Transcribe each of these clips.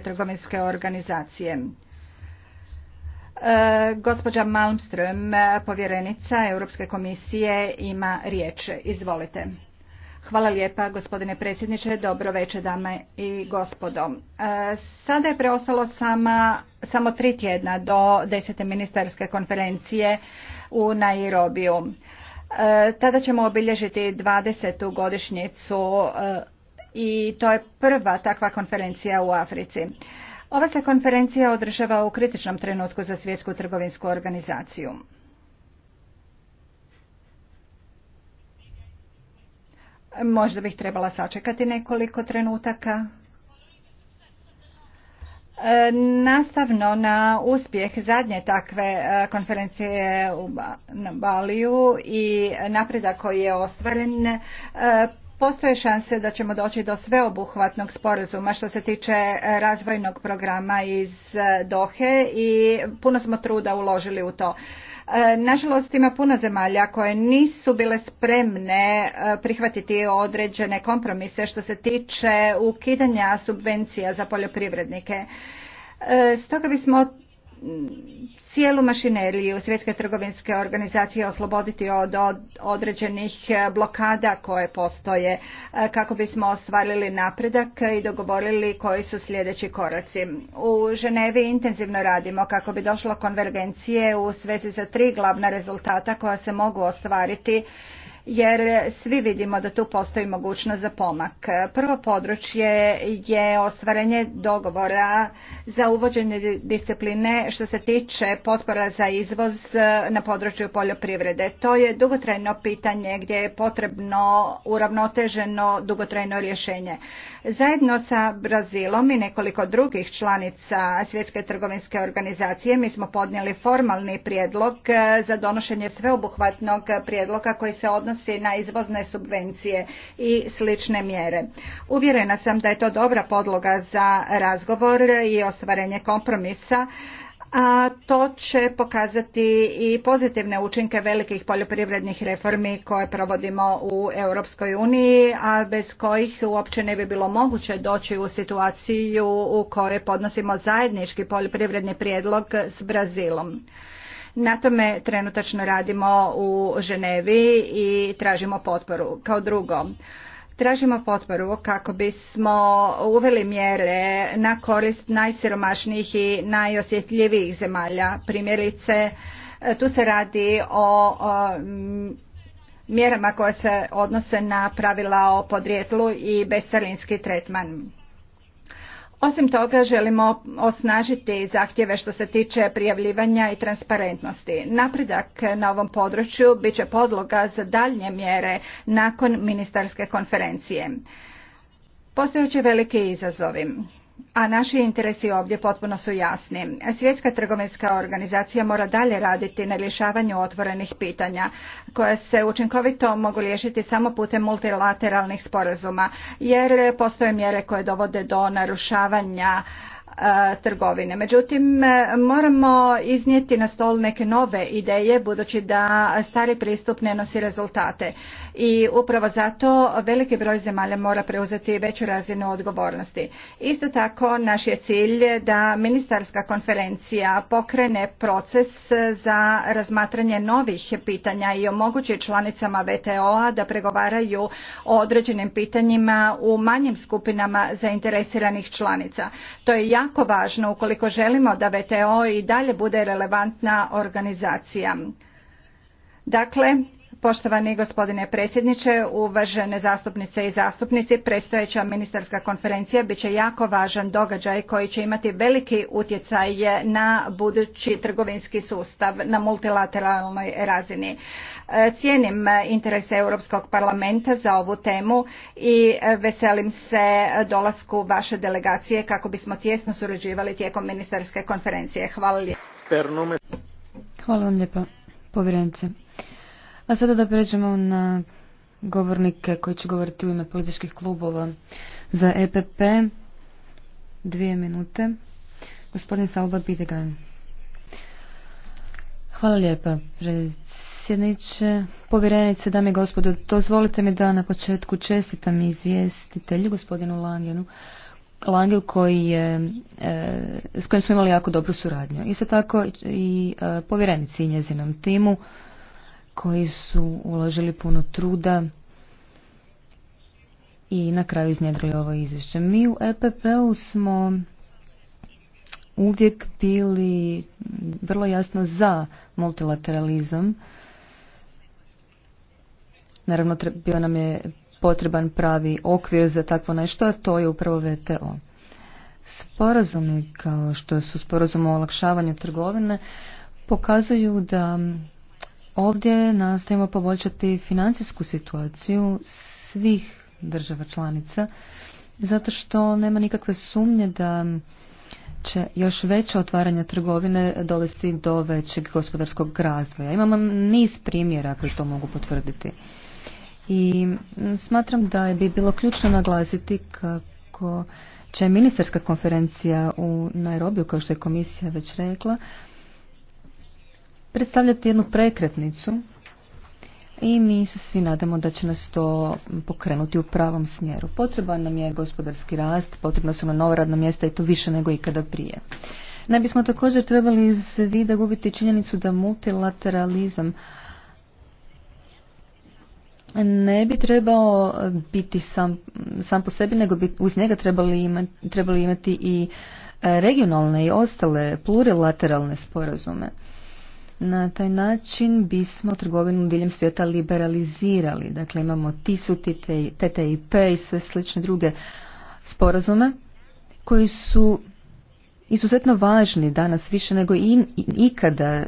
trgovinske organizacije. E, gospođa Malmström, povjerenica Europske komisije, ima riječ. Izvolite. Hvala lijepa gospodine predsjedniče, dobro večer dame i gospodo. E, sada je preostalo sama, samo tri tjedna do desete ministarske konferencije u Nairobiju. E, tada ćemo obilježiti 20. godišnjicu i to je prva takva konferencija u Africi. Ova se konferencija održava u kritičnom trenutku za svjetsku trgovinsku organizaciju. Možda bih trebala sačekati nekoliko trenutaka. E, nastavno na uspjeh zadnje takve e, konferencije u Baliju i napredak koji je ostvaren, e, postoje šanse da ćemo doći do sveobuhvatnog sporazuma što se tiče e, razvojnog programa iz e, Dohe i puno smo truda uložili u to. E, nažalost ima puno zemalja koje nisu bile spremne prihvatiti određene kompromise što se tiče ukidanja subvencija za poljoprivrednike. Stoga bismo cijelu mašineriju Svjetske trgovinske organizacije osloboditi od određenih e, blokada koje postoje e, kako bismo ostvarili napredak i dogovorili koji su sljedeći koraci. U Ženevi intenzivno radimo kako bi došlo konvergencije u svezi za tri glavna rezultata koja se mogu ostvariti jer svi vidimo da tu postoji mogućnost za pomak. Prvo područje je ostvarenje dogovora za uvođenje discipline što se tiče potpora za izvoz na području poljoprivrede. To je dugotrajno pitanje gdje je potrebno uravnoteženo dugotrajno rješenje. Zajedno sa Brazilom i nekoliko drugih članica Svjetske trgovinske organizacije mi smo podnijeli formalni prijedlog e, za donošenje sveobuhvatnog prijedloga koji se odnosi na izvozne subvencije i slične mjere. Uvjerena sam da je to dobra podloga za razgovor i ostvarenje kompromisa a to će pokazati i pozitivne učinke velikih poljoprivrednih reformi koje provodimo u Europskoj uniji, a bez kojih uopće ne bi bilo moguće doći u situaciju u kojoj podnosimo zajednički poljoprivredni prijedlog s Brazilom. Na tome trenutačno radimo u Ženevi i tražimo potporu. Kao drugo, Tražimo potporu kako bismo uveli mjere na korist najsiromašnijih i najosjetljivijih zemalja. Primjerice, tu se radi o, mjerama koje se odnose na pravila o podrijetlu i bescarinski tretman. Osim toga želimo osnažiti zahtjeve što se tiče prijavljivanja i transparentnosti. Napredak na ovom području bit će podloga za daljnje mjere nakon ministarske konferencije. Postojeće velike izazovi a naši interesi ovdje potpuno su jasni. Svjetska trgovinska organizacija mora dalje raditi na rješavanju otvorenih pitanja koje se učinkovito mogu riješiti samo putem multilateralnih sporazuma jer postoje mjere koje dovode do narušavanja E, trgovine. Međutim, e, moramo iznijeti na stol neke nove ideje budući da stari pristup ne nosi rezultate i upravo zato veliki broj zemalja mora preuzeti veću razinu odgovornosti. Isto tako naš je cilj da ministarska konferencija pokrene proces za razmatranje novih pitanja i omogući članicama VTO-a da pregovaraju o određenim pitanjima u manjim skupinama zainteresiranih članica. To je jako važno ukoliko želimo da VTO i dalje bude relevantna organizacija. Dakle, Poštovani gospodine predsjedniče, uvažene zastupnice i zastupnici, predstojeća ministarska konferencija bit će jako važan događaj koji će imati veliki utjecaj na budući trgovinski sustav na multilateralnoj razini. E, cijenim interes Europskog parlamenta za ovu temu i veselim se dolasku vaše delegacije kako bismo tjesno surađivali tijekom ministarske konferencije. Hvala vam lijepa, povjerenice. A sada da pređemo na govornike koji će govoriti u ime političkih klubova. Za EPP dvije minute. Gospodin Salba Bidegan. Hvala lijepa, predsjedniče. Povjerenice, dame i gospodo, dozvolite mi da na početku čestitam izvjestitelju, gospodinu Langenu, Langel koji je, e, s kojim smo imali jako dobru suradnju. Isto tako i e, povjerenici i njezinom timu koji su uložili puno truda i na kraju iznjedrili ovo izvješće. Mi u EPP-u smo uvijek bili vrlo jasno za multilateralizam. Naravno, bio nam je potreban pravi okvir za takvo nešto, a to je upravo VTO. Sporazumi, kao što su sporazum o olakšavanju trgovine, pokazuju da Ovdje nastojimo poboljšati financijsku situaciju svih država članica, zato što nema nikakve sumnje da će još veće otvaranje trgovine dovesti do većeg gospodarskog razvoja. Imamo niz primjera koji to mogu potvrditi. I smatram da bi bilo ključno naglasiti kako će ministarska konferencija u Nairobiju, kao što je komisija već rekla, predstavljati jednu prekretnicu i mi se svi nadamo da će nas to pokrenuti u pravom smjeru. Potreban nam je gospodarski rast, potrebna su nam nova radna mjesta i to više nego ikada prije. Ne bismo također trebali iz vida gubiti činjenicu da multilateralizam ne bi trebao biti sam, sam po sebi, nego bi uz njega trebali trebali imati i e, regionalne i ostale plurilateralne sporazume. Na taj način bismo trgovinu diljem svijeta liberalizirali. Dakle, imamo TISU, TTIP i sve slične druge sporazume koji su izuzetno važni danas više nego i ikada e,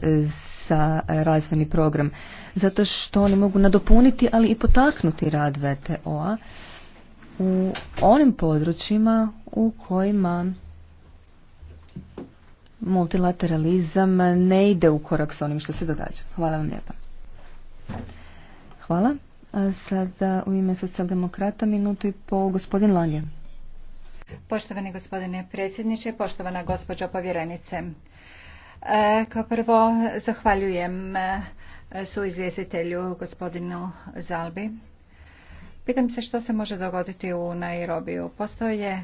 za razvojni program zato što oni mogu nadopuniti ali i potaknuti rad VTO-a u onim područjima u kojima multilateralizam ne ide u korak s onim što se događa. Hvala vam lijepa. Hvala. sada u ime socijaldemokrata minutu i pol gospodin Lanje. Poštovani gospodine predsjedniče, poštovana gospođo povjerenice. E, kao prvo zahvaljujem e, su gospodinu Zalbi. Pitam se što se može dogoditi u Nairobiju. Postoje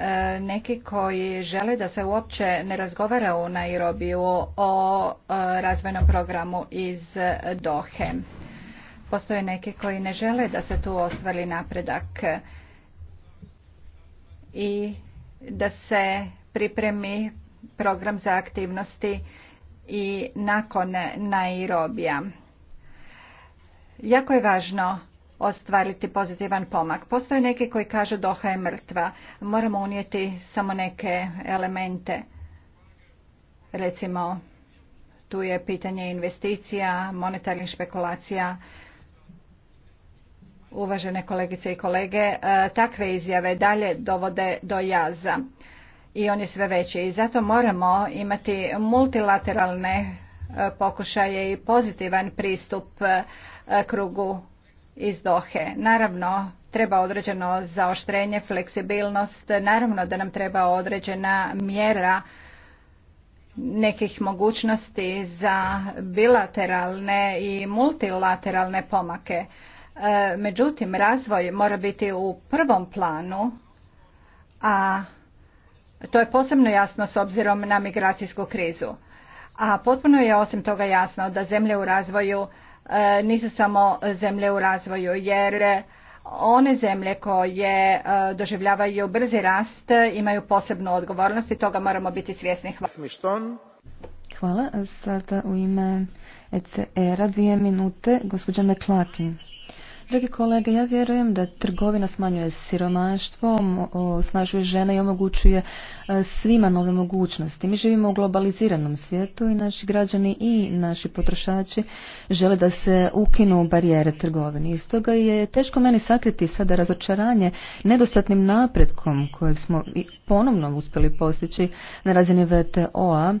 E, neki koji žele da se uopće ne razgovara u Nairobiju o e, razvojnom programu iz Dohe. Postoje neki koji ne žele da se tu ostvari napredak i da se pripremi program za aktivnosti i nakon Nairobija. Jako je važno ostvariti pozitivan pomak. Postoje neki koji kažu Doha je mrtva. Moramo unijeti samo neke elemente. Recimo, tu je pitanje investicija, monetarnih špekulacija, uvažene kolegice i kolege, e, takve izjave dalje dovode do jaza i on je sve veći i zato moramo imati multilateralne e, pokušaje i pozitivan pristup e, krugu iz Dohe. Naravno, treba određeno zaoštrenje, fleksibilnost, naravno da nam treba određena mjera nekih mogućnosti za bilateralne i multilateralne pomake. E, međutim, razvoj mora biti u prvom planu, a to je posebno jasno s obzirom na migracijsku krizu. A potpuno je osim toga jasno da zemlje u razvoju E, nisu samo zemlje u razvoju jer one zemlje koje e, doživljavaju brzi rast imaju posebnu odgovornost i toga moramo biti svjesni. Hvala. Sada u ime ECR-a dvije minute gospođa Meklaki. Dragi kolege, ja vjerujem da trgovina smanjuje siromaštvo, osnažuje žene i omogućuje e, svima nove mogućnosti. Mi živimo u globaliziranom svijetu i naši građani i naši potrošači žele da se ukinu barijere trgovini. Iz toga je teško meni sakriti sada razočaranje nedostatnim napretkom kojeg smo ponovno uspjeli postići na razini VTO-a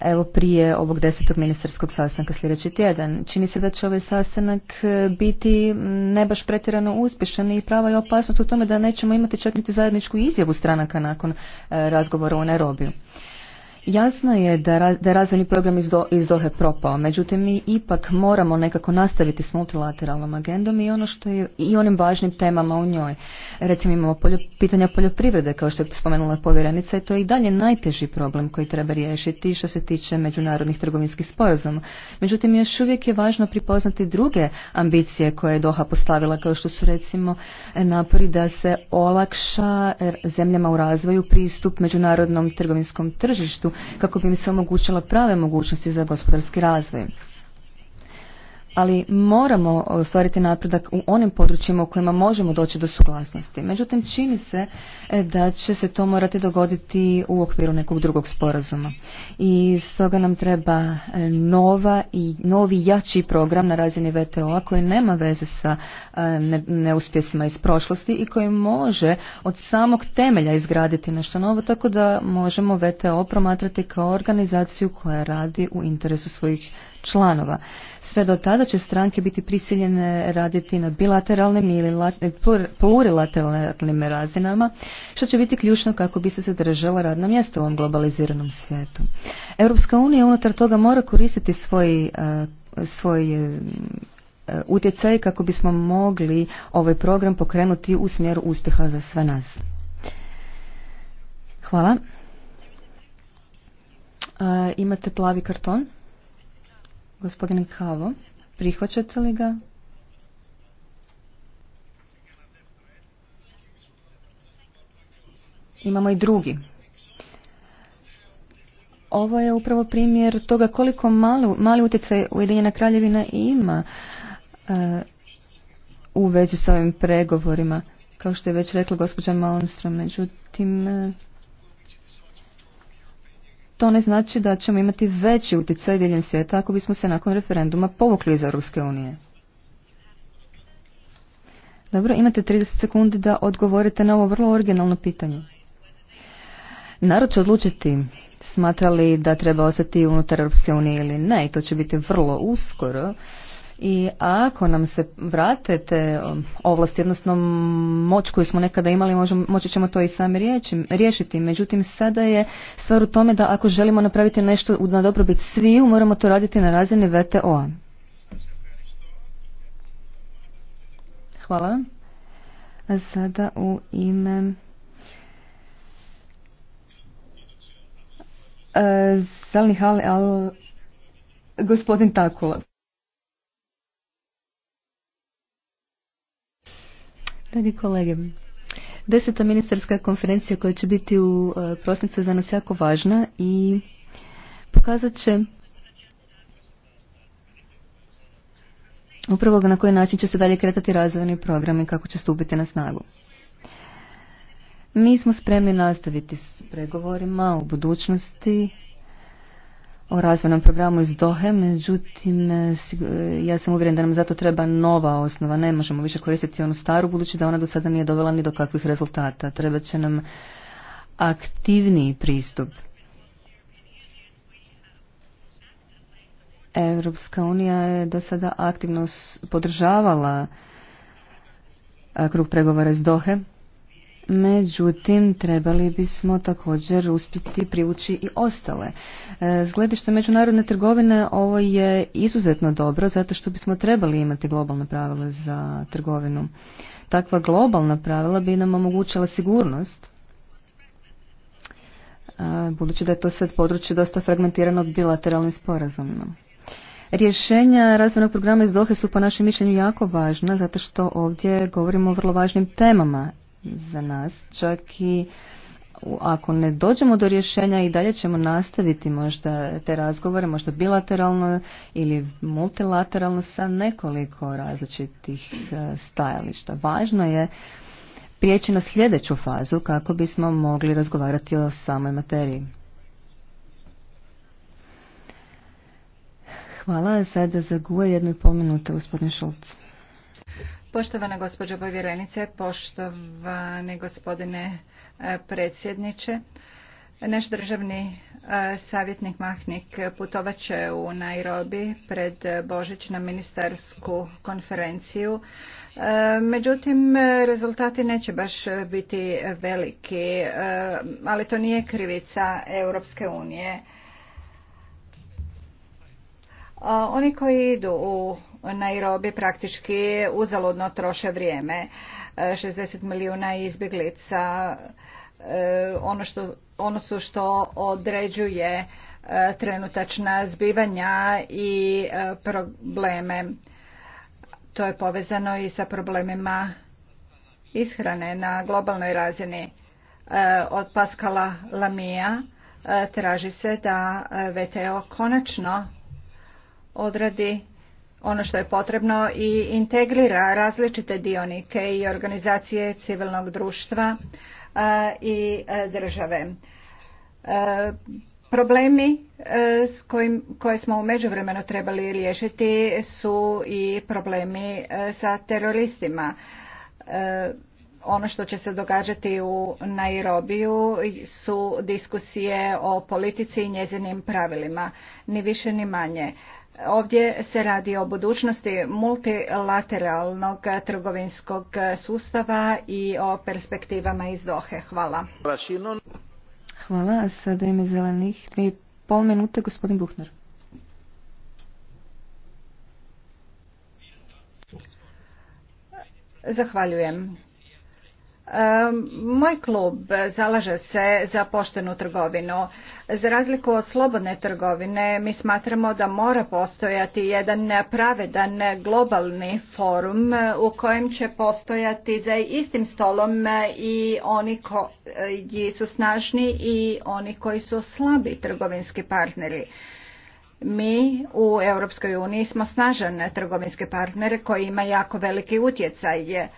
evo prije ovog desetog ministarskog sastanka sljedeći tjedan. Čini se da će ovaj sastanak e, biti ne baš pretjerano uspješan i prava je opasnost u tome da nećemo imati čak niti zajedničku izjavu stranaka nakon e, razgovora u Nairobiju. Jasno je da, da je razvojni program iz, Dohe propao, međutim mi ipak moramo nekako nastaviti s multilateralnom agendom i ono što je i onim važnim temama u njoj. Recimo imamo poljo, pitanja poljoprivrede kao što je spomenula povjerenica i to je i dalje najteži problem koji treba riješiti što se tiče međunarodnih trgovinskih sporazuma. Međutim još uvijek je važno pripoznati druge ambicije koje je Doha postavila kao što su recimo napori da se olakša zemljama u razvoju pristup međunarodnom trgovinskom tržištu kako bi im se omogućila prave mogućnosti za gospodarski razvoj ali moramo ostvariti e, napredak u onim područjima u kojima možemo doći do suglasnosti. Međutim, čini se e, da će se to morati dogoditi u okviru nekog drugog sporazuma. I stoga nam treba e, nova i novi jači program na razini VTO-a koji nema veze sa neuspjesima iz prošlosti i koji može od samog temelja izgraditi nešto novo, tako da možemo VTO promatrati kao organizaciju koja radi u interesu svojih članova. Sve do tada će stranke biti prisiljene raditi na bilateralnim ili plurilateralnim razinama, što će biti ključno kako bi se zadržala radna mjesta u ovom globaliziranom svijetu. Europska unija unutar toga mora koristiti svoj, e, svoj e, utjecaj kako bismo mogli ovaj program pokrenuti u smjeru uspjeha za sve nas. Hvala. E, imate plavi karton? Gospodin Kavo, prihvaćate li ga? Imamo i drugi. Ovo je upravo primjer toga koliko mali, mali utjecaj Ujedinjena kraljevina ima e, u vezi s ovim pregovorima, kao što je već rekla gospođa Malmström. Međutim, e, to ne znači da ćemo imati veći utjecaj diljem svijeta ako bismo se nakon referenduma povukli iz Europske unije. Dobro, imate 30 sekundi da odgovorite na ovo vrlo originalno pitanje. Narod će odlučiti smatra li da treba ostati unutar Europske unije ili ne i to će biti vrlo uskoro i ako nam se vrate te um, ovlasti, odnosno moć koju smo nekada imali, možemo, moći ćemo to i sami riješiti. Međutim, sada je stvar u tome da ako želimo napraviti nešto na dobrobit sviju, moramo to raditi na razini VTO-a. Hvala. A sada u ime e, Zalnih gospodin Takula. Dragi kolege, deseta ministarska konferencija koja će biti u e, prosincu je za nas jako važna i pokazat će upravo na koji način će se dalje kretati razvojni program i kako će stupiti na snagu. Mi smo spremni nastaviti s pregovorima u budućnosti o razvojnom programu iz Dohe, međutim e, e, ja sam uvjeren da nam zato treba nova osnova, ne možemo više koristiti onu staru budući da ona do sada nije dovela ni do kakvih rezultata. Treba će nam aktivniji pristup. Europska unija je do sada aktivno podržavala e, krug pregovora iz Dohe, Međutim, trebali bismo također uspjeti privući i ostale. Zgledište e, međunarodne trgovine ovo je izuzetno dobro zato što bismo trebali imati globalne pravila za trgovinu. Takva globalna pravila bi nam omogućila sigurnost budući da je to sad područje dosta fragmentirano bilateralnim sporazumima. Rješenja razvojnog programa iz Dohe su po našem mišljenju jako važna zato što ovdje govorimo o vrlo važnim temama za nas, čak i ako ne dođemo do rješenja i dalje ćemo nastaviti možda te razgovore, možda bilateralno ili multilateralno sa nekoliko različitih e, stajališta. Važno je prijeći na sljedeću fazu kako bismo mogli razgovarati o samoj materiji. Hvala. Sada za guje jednu i pol minute, gospodin Šulc. Poštovana gospođo povjerenice, poštovani gospodine e, predsjedniče, naš državni e, savjetnik Mahnik putovat će u Nairobi pred Božić na ministarsku konferenciju. E, međutim, rezultati neće baš biti veliki, ali to nije krivica Europske unije. Oni koji idu u Nairobi praktički uzaludno troše vrijeme. 60 e, milijuna izbjeglica, e, ono, što, ono su što određuje e, trenutačna zbivanja i probleme. To je povezano i sa problemima ishrane na globalnoj razini. Od Paskala Lamija traži se da VTO konačno odradi ono što je potrebno i integrira različite dionike i organizacije civilnog društva e, i e, države. E, problemi s koje smo u međuvremenu trebali riješiti su i problemi sa teroristima. Ono što će se događati u Nairobiju su diskusije o politici i njezinim pravilima, ni više ni manje. Ovdje se radi o budućnosti multilateralnog trgovinskog sustava i o perspektivama iz Dohe. Hvala. Hvala. sada ime zelenih. pol minute, gospodin Buhner. Zahvaljujem. Moj klub zalaže se za poštenu trgovinu. Za razliku od slobodne trgovine, mi smatramo da mora postojati jedan pravedan globalni forum u kojem će postojati za istim stolom i oni koji su snažni i oni koji su slabi trgovinski partneri. Mi u Europskoj uniji smo snažan trgovinski partner koji ima jako veliki utjecaj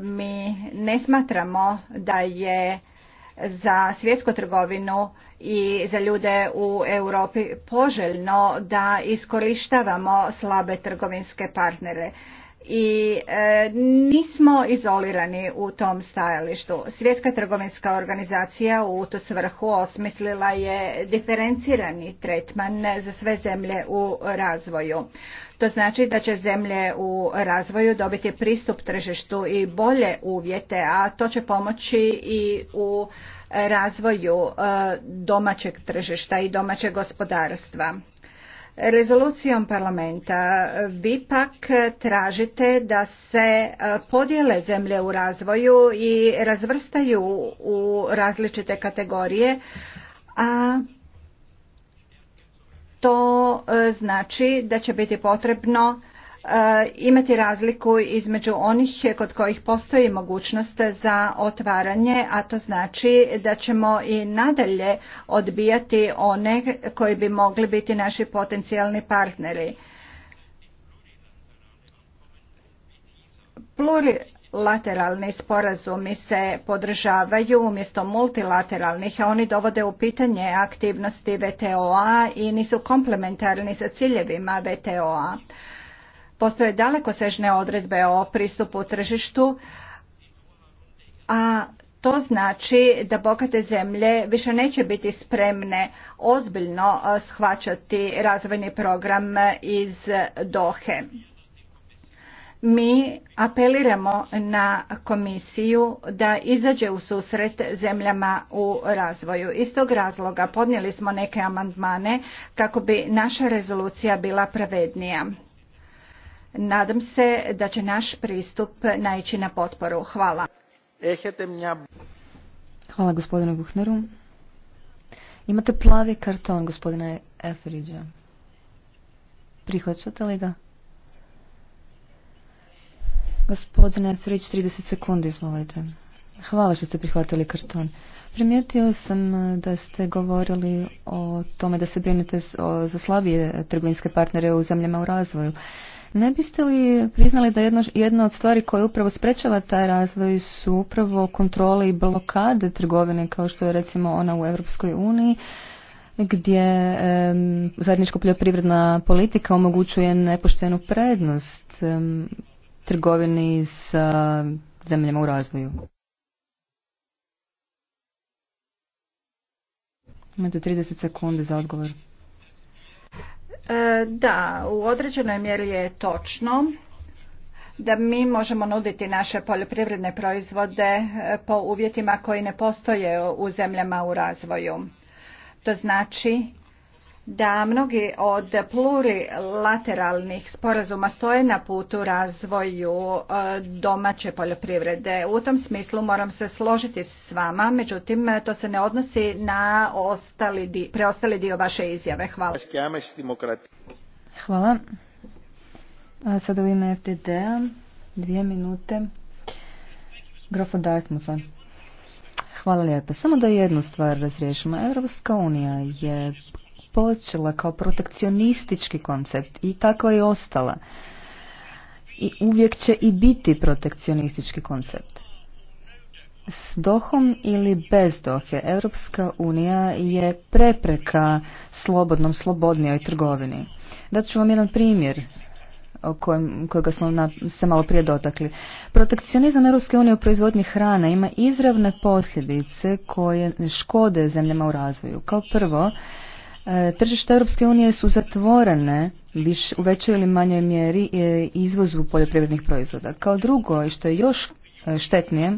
mi ne smatramo da je za svjetsku trgovinu i za ljude u Europi poželjno da iskorištavamo slabe trgovinske partnere i e, nismo izolirani u tom stajalištu. Svjetska trgovinska organizacija u tu svrhu osmislila je diferencirani tretman za sve zemlje u razvoju. To znači da će zemlje u razvoju dobiti pristup tržištu i bolje uvjete, a to će pomoći i u razvoju e, domaćeg tržišta i domaćeg gospodarstva. Rezolucijom parlamenta vi pak tražite da se e, podijele zemlje u razvoju i razvrstaju u različite kategorije, a to e, znači da će biti potrebno Eh, imati razliku između onih kod kojih postoji mogućnost za otvaranje, a to znači da ćemo i nadalje odbijati one koji bi mogli biti naši potencijalni partneri. Plurilateralni sporazumi se podržavaju umjesto multilateralnih, a oni dovode u pitanje aktivnosti VTOA i nisu komplementarni sa ciljevima VTOA. Postoje dalekosežne odredbe o pristupu tržištu, a to znači da bogate zemlje više neće biti spremne ozbiljno e, shvaćati razvojni program e, iz Dohe. Mi apeliramo na komisiju da izađe u susret zemljama u razvoju. Iz tog razloga podnijeli smo neke amandmane kako bi naša rezolucija bila pravednija. Nadam se da će naš pristup naići na potporu. Hvala. Hvala gospodinu Buhneru. Imate plavi karton gospodine Etheridge. Prihvaćate li ga? Gospodine Etheridge, 30 sekundi, izvolite. Hvala što ste prihvatili karton. Primijetio sam e, da ste govorili o tome da se brinete za slabije trgovinske partnere u zemljama u razvoju. Ne biste li priznali da jedno, jedna od stvari koja upravo sprečava taj razvoj su upravo kontrole i blokade trgovine kao što je recimo ona u Europskoj uniji gdje e, zajednička poljoprivredna politika omogućuje nepoštenu prednost trgovini sa zemljama u razvoju. Imate 30 sekundi za odgovor. E, da, u određenoj mjeri je točno da mi možemo nuditi naše poljoprivredne proizvode e, po uvjetima koji ne postoje u zemljama u razvoju. To znači da mnogi od plurilateralnih sporazuma stoje na putu razvoju e, domaće poljoprivrede. U tom smislu moram se složiti s vama, međutim to se ne odnosi na preostali dio vaše izjave. Hvala. Hvala. sada u ime FDD-a, dvije minute. Grofo Hvala lijepo. Samo da jednu stvar razriješimo. Europska unija je počela kao protekcionistički koncept i tako je ostala. I uvijek će i biti protekcionistički koncept. S Dohom ili bez Dohe, Europska unija je prepreka slobodnom, slobodnijoj trgovini. Dat ću vam jedan primjer o kojem, kojega smo se malo prije dotakli. Protekcionizam Europske unije u proizvodnji hrane ima izravne posljedice koje škode zemljama u razvoju. Kao prvo, E, tržište Europske unije su zatvorene u većoj ili manjoj mjeri e, izvozu poljoprivrednih proizvoda. Kao drugo, i što je još e, štetnije,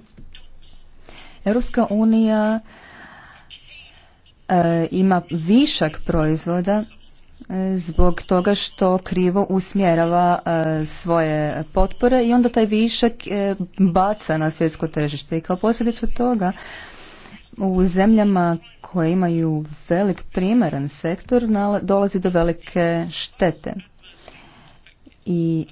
Europska unija ima višak proizvoda zbog toga što krivo usmjerava svoje potpore i onda taj višak baca na svjetsko tržište. I kao posljedicu toga u zemljama koje imaju velik primaran sektor dolazi do velike štete. I,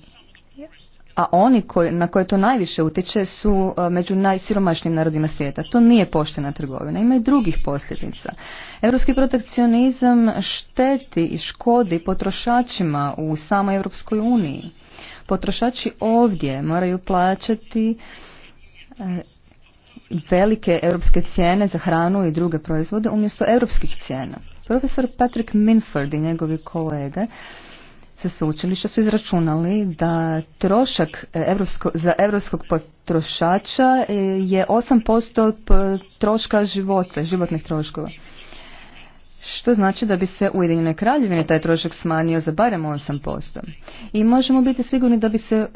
a oni koji, na koje to najviše utječe su e, među najsiromašnijim narodima svijeta. To nije poštena trgovina, ima i drugih posljedica. Europski protekcionizam šteti i škodi potrošačima u samoj Europskoj uniji. Potrošači ovdje moraju plaćati e, velike europske cijene za hranu i druge proizvode umjesto europskih cijena. Profesor Patrick Minford i njegovi kolege sa sveučilišta su izračunali da trošak e, za europskog potrošača e, je 8% troška života, životnih troškova. Što znači da bi se u Ujedinjenoj kraljevini taj trošak smanjio za barem 8%. I možemo biti sigurni da bi se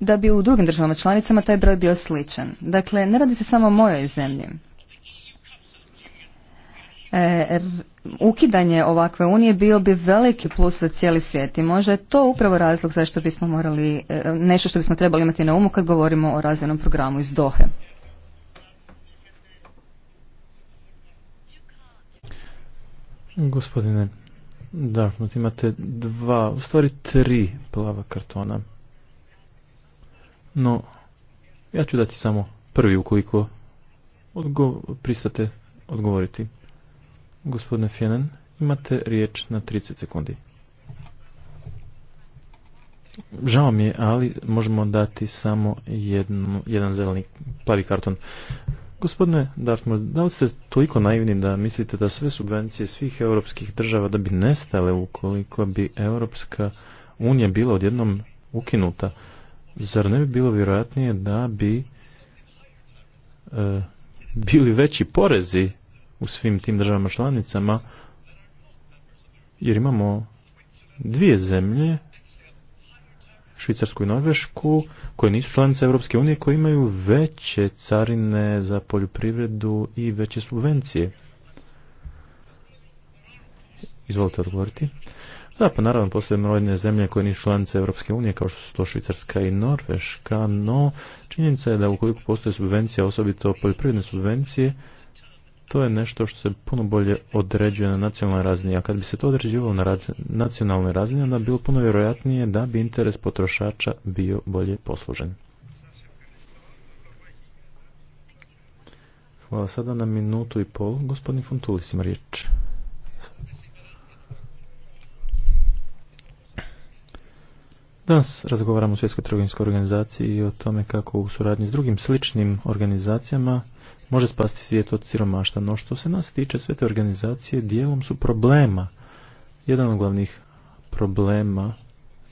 da bi u drugim državama članicama taj broj bio sličan. Dakle, ne radi se samo o mojoj zemlji. E, ukidanje ovakve unije bio bi veliki plus za cijeli svijet i možda je to upravo razlog zašto bismo morali, e, nešto što bismo trebali imati na umu kad govorimo o razvojnom programu iz Dohe. Gospodine imate dva, u stvari tri plava kartona. No, ja ću dati samo prvi ukoliko odgo pristate odgovoriti. Gospodine Fjenen, imate riječ na 30 sekundi. Žao mi je, ali možemo dati samo jednu, jedan zeleni plavi karton. Gospodine Dartmouth, da li ste toliko naivni da mislite da sve subvencije svih europskih država da bi nestale ukoliko bi Europska unija bila odjednom ukinuta? zar ne bi bilo vjerojatnije da bi e, bili veći porezi u svim tim državama članicama jer imamo dvije zemlje Švicarsku i Norvešku koje nisu članice Europske unije koje imaju veće carine za poljoprivredu i veće subvencije. Izvolite odgovoriti. Da, pa naravno postoje brojne zemlje koje nisu članice Europske unije kao što su to Švicarska i Norveška, no činjenica je da ukoliko postoje subvencija, osobito poljoprivredne subvencije, to je nešto što se puno bolje određuje na nacionalnoj razini, a kad bi se to određivalo na raz... nacionalnoj razini, onda bi bilo puno vjerojatnije da bi interes potrošača bio bolje poslužen. Hvala sada na minutu i pol, gospodin Fontulis ima riječ. Danas razgovaramo o svjetskoj trgovinskoj organizaciji i o tome kako u suradnji s drugim sličnim organizacijama može spasti svijet od siromašta, no što se nas tiče sve te organizacije dijelom su problema. Jedan od glavnih problema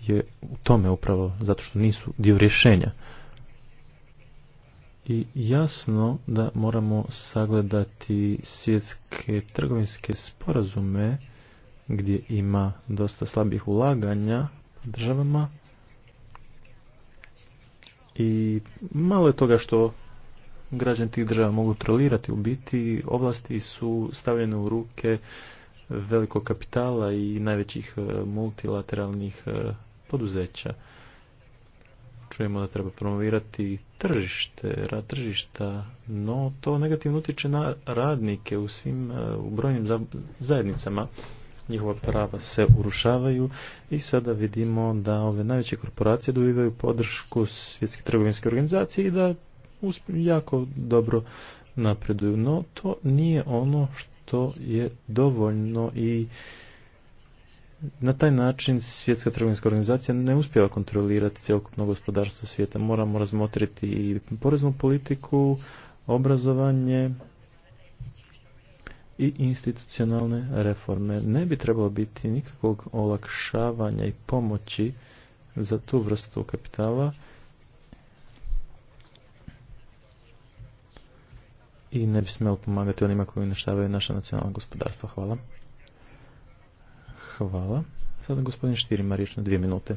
je u tome upravo zato što nisu dio rješenja. I jasno da moramo sagledati svjetske trgovinske sporazume gdje ima dosta slabih ulaganja državama i malo je toga što građani tih država mogu trolirati u biti, ovlasti su stavljene u ruke velikog kapitala i najvećih e, multilateralnih e, poduzeća. Čujemo da treba promovirati tržište, rad tržišta, no to negativno utječe na radnike u svim e, u brojnim zajednicama njihova prava se urušavaju i sada vidimo da ove najveće korporacije dobivaju podršku svjetske trgovinske organizacije i da jako dobro napreduju. No to nije ono što je dovoljno i na taj način svjetska trgovinska organizacija ne uspjeva kontrolirati cjelokupno gospodarstvo svijeta. Moramo razmotriti i poreznu politiku, obrazovanje, i institucionalne reforme. Ne bi trebalo biti nikakvog olakšavanja i pomoći za tu vrstu kapitala i ne bi smjelo pomagati onima koji uništavaju naša nacionalna gospodarstva. Hvala. Hvala. Sada gospodin Štirima riječ na dvije minute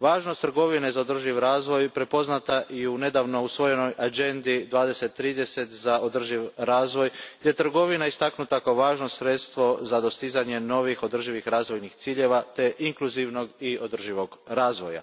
važnost trgovine za održiv razvoj prepoznata i u nedavno usvojenoj agendi two thousand and thirty za održiv razvoj gdje je trgovina istaknuta kao važno sredstvo za dostizanje novih održivih razvojnih ciljeva te inkluzivnog i održivog razvoja.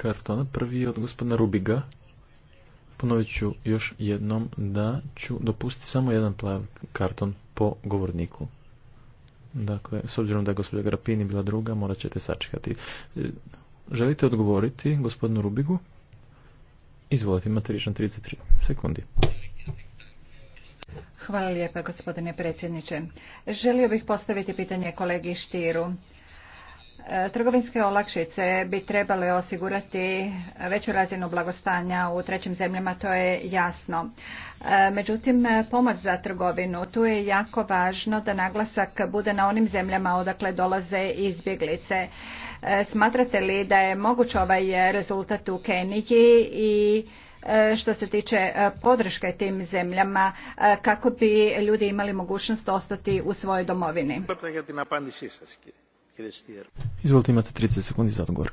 kartona. Prvi je od gospodina Rubiga. Ponovit ću još jednom da ću dopustiti samo jedan plav karton po govorniku. Dakle, s obzirom da je gospođa Grapini bila druga, morat ćete sačekati. E, želite odgovoriti gospodinu Rubigu? Izvolite, imate riječ na 33 sekundi. Hvala lijepa gospodine predsjedniče. Želio bih postaviti pitanje kolegi Štiru. Trgovinske olakšice bi trebale osigurati veću razinu blagostanja u trećim zemljama, to je jasno. Međutim, pomoć za trgovinu, tu je jako važno da naglasak bude na onim zemljama odakle dolaze izbjeglice. Smatrate li da je moguć ovaj rezultat u Keniji i što se tiče podrške tim zemljama kako bi ljudi imali mogućnost ostati u svojoj domovini? Izvolite imate 30 sekundi za odgovor.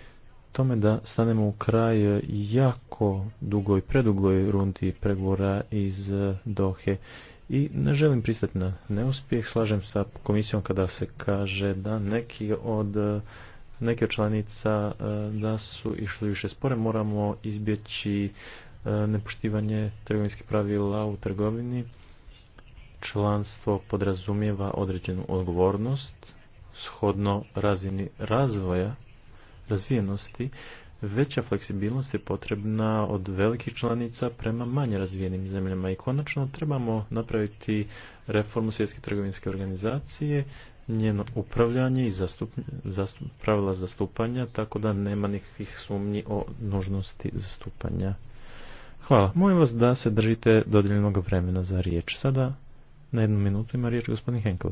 tome da stanemo u kraj jako dugoj, predugoj rundi pregovora iz eh, Dohe. I ne želim pristati na neuspjeh, slažem sa komisijom kada se kaže da neki od eh, neke članica eh, da su išli više spore, moramo izbjeći nepoštivanje trgovinskih pravila u trgovini. Članstvo podrazumijeva određenu odgovornost shodno razini razvoja razvijenosti, veća fleksibilnost je potrebna od velikih članica prema manje razvijenim zemljama i konačno trebamo napraviti reformu svjetske trgovinske organizacije, njeno upravljanje i zastup, pravila zastupanja, tako da nema nikakvih sumnji o nužnosti zastupanja. Hvala. Molim vas da se držite dodijeljenog vremena za riječ. Sada na jednu minutu ima riječ gospodin Henkel.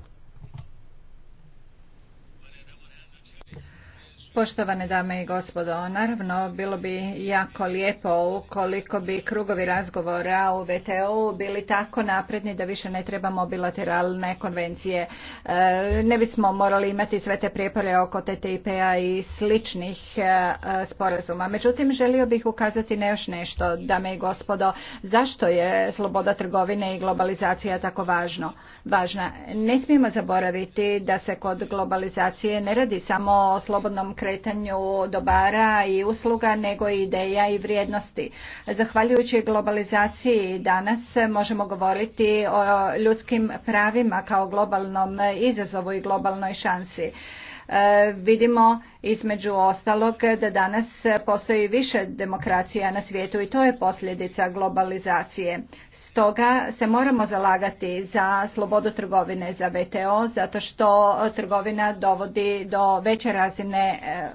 Poštovane dame i gospodo, naravno bilo bi jako lijepo ukoliko bi krugovi razgovora u VTO bili tako napredni da više ne trebamo bilateralne konvencije. E, ne bismo morali imati sve te prijepore oko TTIP-a i sličnih e, sporazuma. Međutim, želio bih ukazati na još nešto, dame i gospodo, zašto je sloboda trgovine i globalizacija tako važno, važna. Ne smijemo zaboraviti da se kod globalizacije ne radi samo o slobodnom kretanju kretanju dobara i usluga nego i ideja i vrijednosti. Zahvaljujući globalizaciji danas možemo govoriti o ljudskim pravima kao globalnom izazovu i globalnoj šansi. E, vidimo između ostalog da danas postoji više demokracija na svijetu i to je posljedica globalizacije. Stoga se moramo zalagati za slobodu trgovine za VTO zato što trgovina dovodi do veće razine e,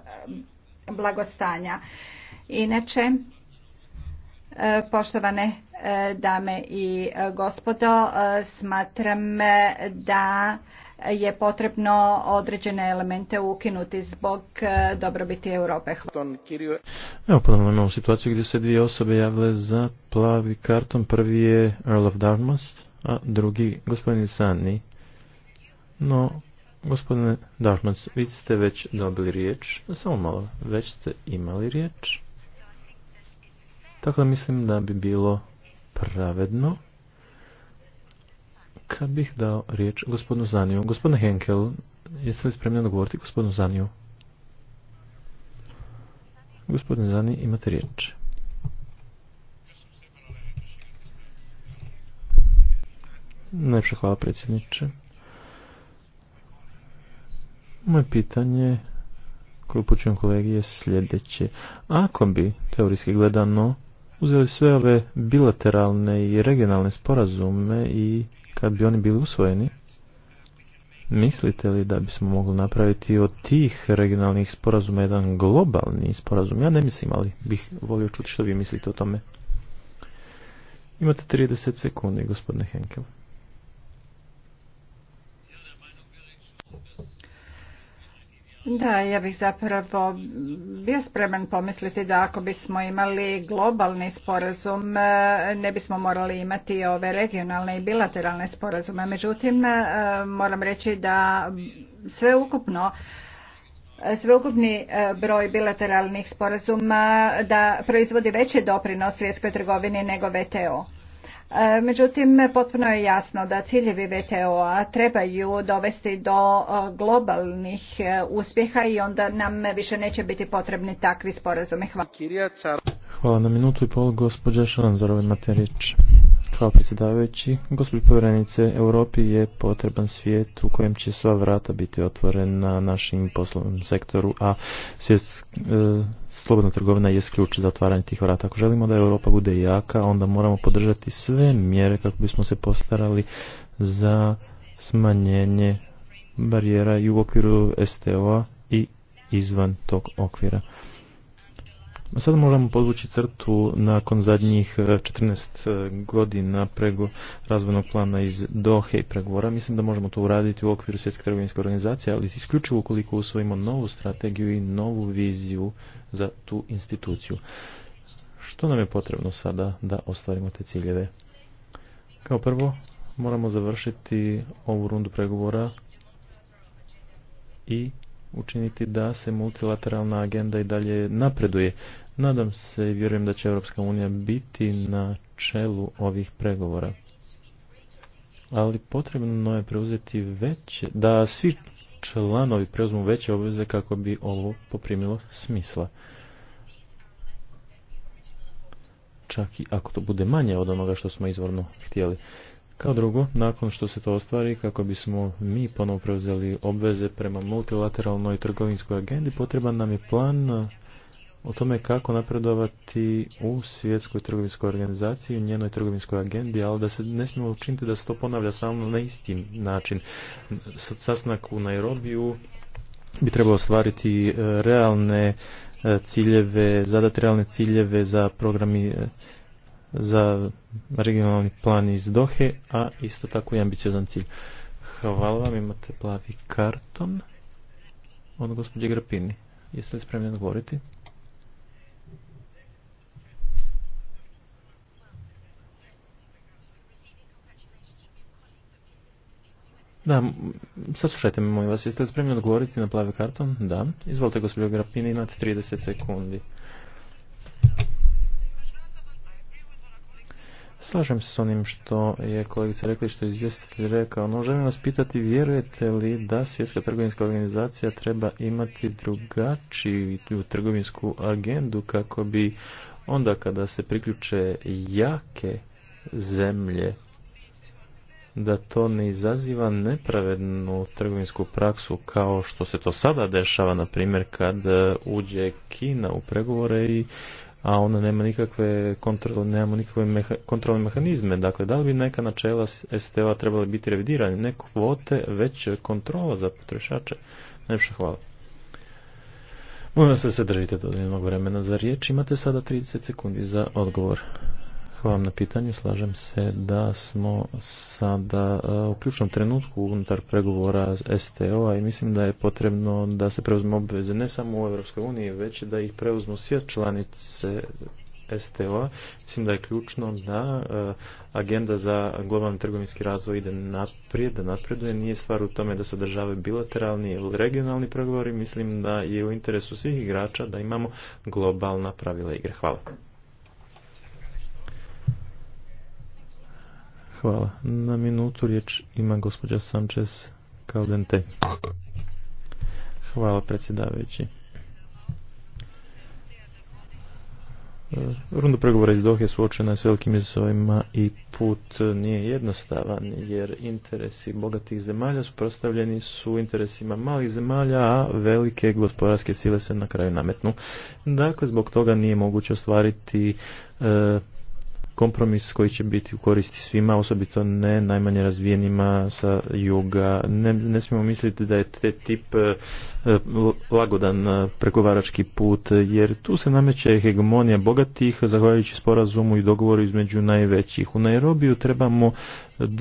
blagostanja. Inače, e, poštovane dame i gospodo, smatram da je potrebno određene elemente ukinuti zbog e, dobrobiti Europe. Evo ponovno imamo situaciju gdje se dvije osobe javile za plavi karton. Prvi je Earl of Dartmouth, a drugi gospodin Sani. No, gospodine Dartmouth, vi ste već dobili riječ. Samo malo, već ste imali riječ. Tako da mislim da bi bilo pravedno kad bih dao riječ gospodinu Zaniju. Gospodin Henkel, jeste li spremni odgovoriti gospodinu Zaniju? Gospodin Zani, imate riječ. Najpše hvala predsjedniče. Moje pitanje koje upućujem kolegi je sljedeće. Ako bi, teorijski gledano, uzeli sve ove bilateralne i regionalne sporazume i kad bi oni bili usvojeni, mislite li da bismo mogli napraviti od tih regionalnih sporazuma jedan globalni sporazum? Ja ne mislim, ali bih volio čuti što vi mislite o tome. Imate 30 sekundi, gospodine Henkel. Da, ja bih zapravo bio spreman pomisliti da ako bismo imali globalni sporazum e, ne bismo morali imati ove regionalne i bilateralne sporazume. Međutim, e, moram reći da sve ukupno Sveukupni e, broj bilateralnih sporazuma da proizvodi veći doprinos svjetskoj trgovini nego VTO. E, međutim, potpuno je jasno da ciljevi VTO-a trebaju dovesti do e, globalnih e, uspjeha i onda nam više neće biti potrebni takvi sporazumi. Hvala. Hvala na minutu i pol, gospođa Šanzorova imate riječ. Hvala predsjedavajući. Gospodin povjerenice, Europi je potreban svijet u kojem će sva vrata biti otvorena našim poslovnom sektoru, a svjetski slobodna trgovina je ključ za otvaranje tih vrata. Ako želimo da Europa bude jaka, onda moramo podržati sve mjere kako bismo se postarali za smanjenje barijera i u okviru STO-a i izvan tog okvira. Sada moramo podvući crtu nakon zadnjih 14 e, e, godina prego razvojnog plana iz Dohe i pregovora. Mislim da možemo to uraditi u okviru svjetske trgovinske organizacije, ali isključivo ukoliko usvojimo novu strategiju i novu viziju za tu instituciju. Što nam je potrebno sada da ostvarimo te ciljeve? Kao prvo, moramo završiti ovu rundu pregovora i učiniti da se multilateralna agenda i dalje napreduje. Nadam se i vjerujem da će Europska unija biti na čelu ovih pregovora. Ali potrebno je preuzeti veće, da svi članovi preuzmu veće obveze kako bi ovo poprimilo smisla. Čak i ako to bude manje od onoga što smo izvorno htjeli. Kao drugo, nakon što se to ostvari, kako bismo mi ponovo preuzeli obveze prema multilateralnoj trgovinskoj agendi, potreban nam je plan e, o tome kako napredovati u svjetskoj trgovinskoj organizaciji, u njenoj trgovinskoj agendi, ali da se ne smijemo učiniti da se to ponavlja samo na isti način. Sastanak u Nairobiju bi trebao ostvariti e, realne e, ciljeve, zadati realne ciljeve za programi za regionalni plan iz Dohe, a isto tako i ambiciozan cilj. Hvala vam, imate plavi karton od gospođe Grapini. Jeste li spremni odgovoriti? Da, saslušajte me, molim vas, jeste li spremni odgovoriti na plavi karton? Da. Izvolite, gospođo Grapini, imate 30 sekundi. Slažem se s onim što je kolegica rekla što je izvjestitelj rekao, no želim vas pitati vjerujete li da Svjetska trgovinska organizacija treba imati drugačiju trgovinsku agendu kako bi onda kada se priključe jake zemlje da to ne izaziva nepravednu trgovinsku praksu kao što se to sada dešava, na primjer kad e, uđe Kina u pregovore i a ona nema nikakve kontrole, nemamo nikakve kontrolne mehanizme. Dakle, da li bi neka načela STO trebala biti revidirane? Ne kvote, već kontrola za potrošače. Najviše hvala. Molim vas da se držite do jednog vremena za riječ. Imate sada 30 sekundi za odgovor. Hvala vam na pitanju. Slažem se da smo sada e, u ključnom trenutku unutar pregovora STO-a i mislim da je potrebno da se preuzme obveze ne samo u EU, već da ih preuzmu sve članice STO-a. Mislim da je ključno da e, agenda za globalni trgovinski razvoj ide naprijed, da napreduje. Nije stvar u tome da se održavaju bilateralni ili regionalni pregovori. Mislim da je u interesu svih igrača da imamo globalna pravila igre. Hvala. Hvala. Na minutu riječ ima gospođa Sanchez Caldente. Hvala predsjedavajući. Runda pregovora iz Dohe suočena je s velikim izazovima i put nije jednostavan jer interesi bogatih zemalja suprotstavljeni su interesima malih zemalja, a velike gospodarske sile se na kraju nametnu. Dakle, zbog toga nije moguće ostvariti e, kompromis koji će biti u koristi svima, osobito ne najmanje razvijenima sa juga. Ne, ne smijemo misliti da je te tip e, e, lagodan e, pregovarački put, jer tu se nameće hegemonija bogatih, zahvaljujući sporazumu i dogovoru između najvećih. U Nairobiju trebamo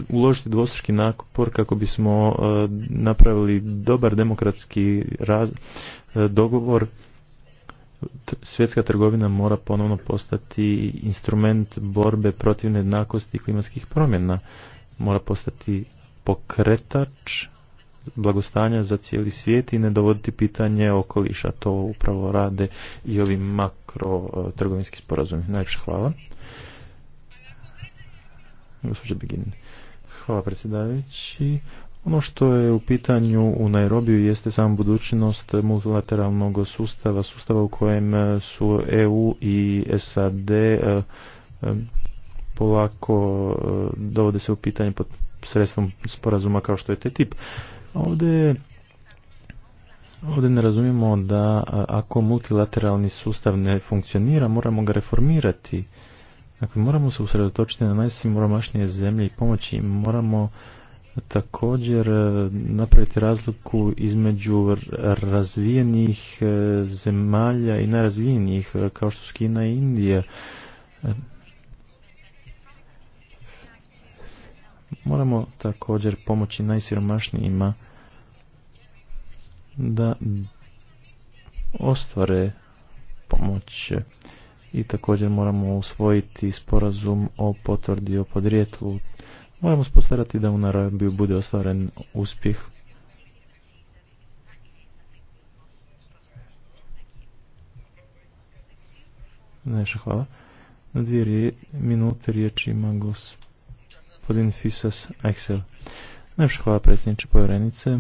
uložiti dvostruški napor kako bismo napravili dobar demokratski dogovor svjetska trgovina mora ponovno postati instrument borbe protiv nejednakosti i klimatskih promjena. Mora postati pokretač blagostanja za cijeli svijet i ne dovoditi pitanje okoliša. To upravo rade i ovi makro e, trgovinski sporazumi. Najljepša hvala. Hvala predsjedavajući. Ono što je u pitanju u Nairobiju jeste samo budućnost multilateralnog sustava, sustava u kojem su EU i SAD e, e, polako e, dovode se u pitanje pod sredstvom sporazuma kao što je TTIP. Ovdje Ovdje ne razumijemo da ako multilateralni sustav ne funkcionira, moramo ga reformirati. Dakle, moramo se usredotočiti na najsimoromašnije zemlje i pomoći Moramo također e, napraviti razliku između razvijenih e, zemalja i nerazvijenih e, kao što su Kina i Indija. Moramo također pomoći najsiromašnijima da ostvare pomoć i također moramo usvojiti sporazum o potvrdi o podrijetlu Moramo spostarati da u Narabiju bude ostvaren uspjeh. Najviše hvala. Na dvije minute riječi ima gospodin Fisas Najviše hvala predsjedniče povjerenice.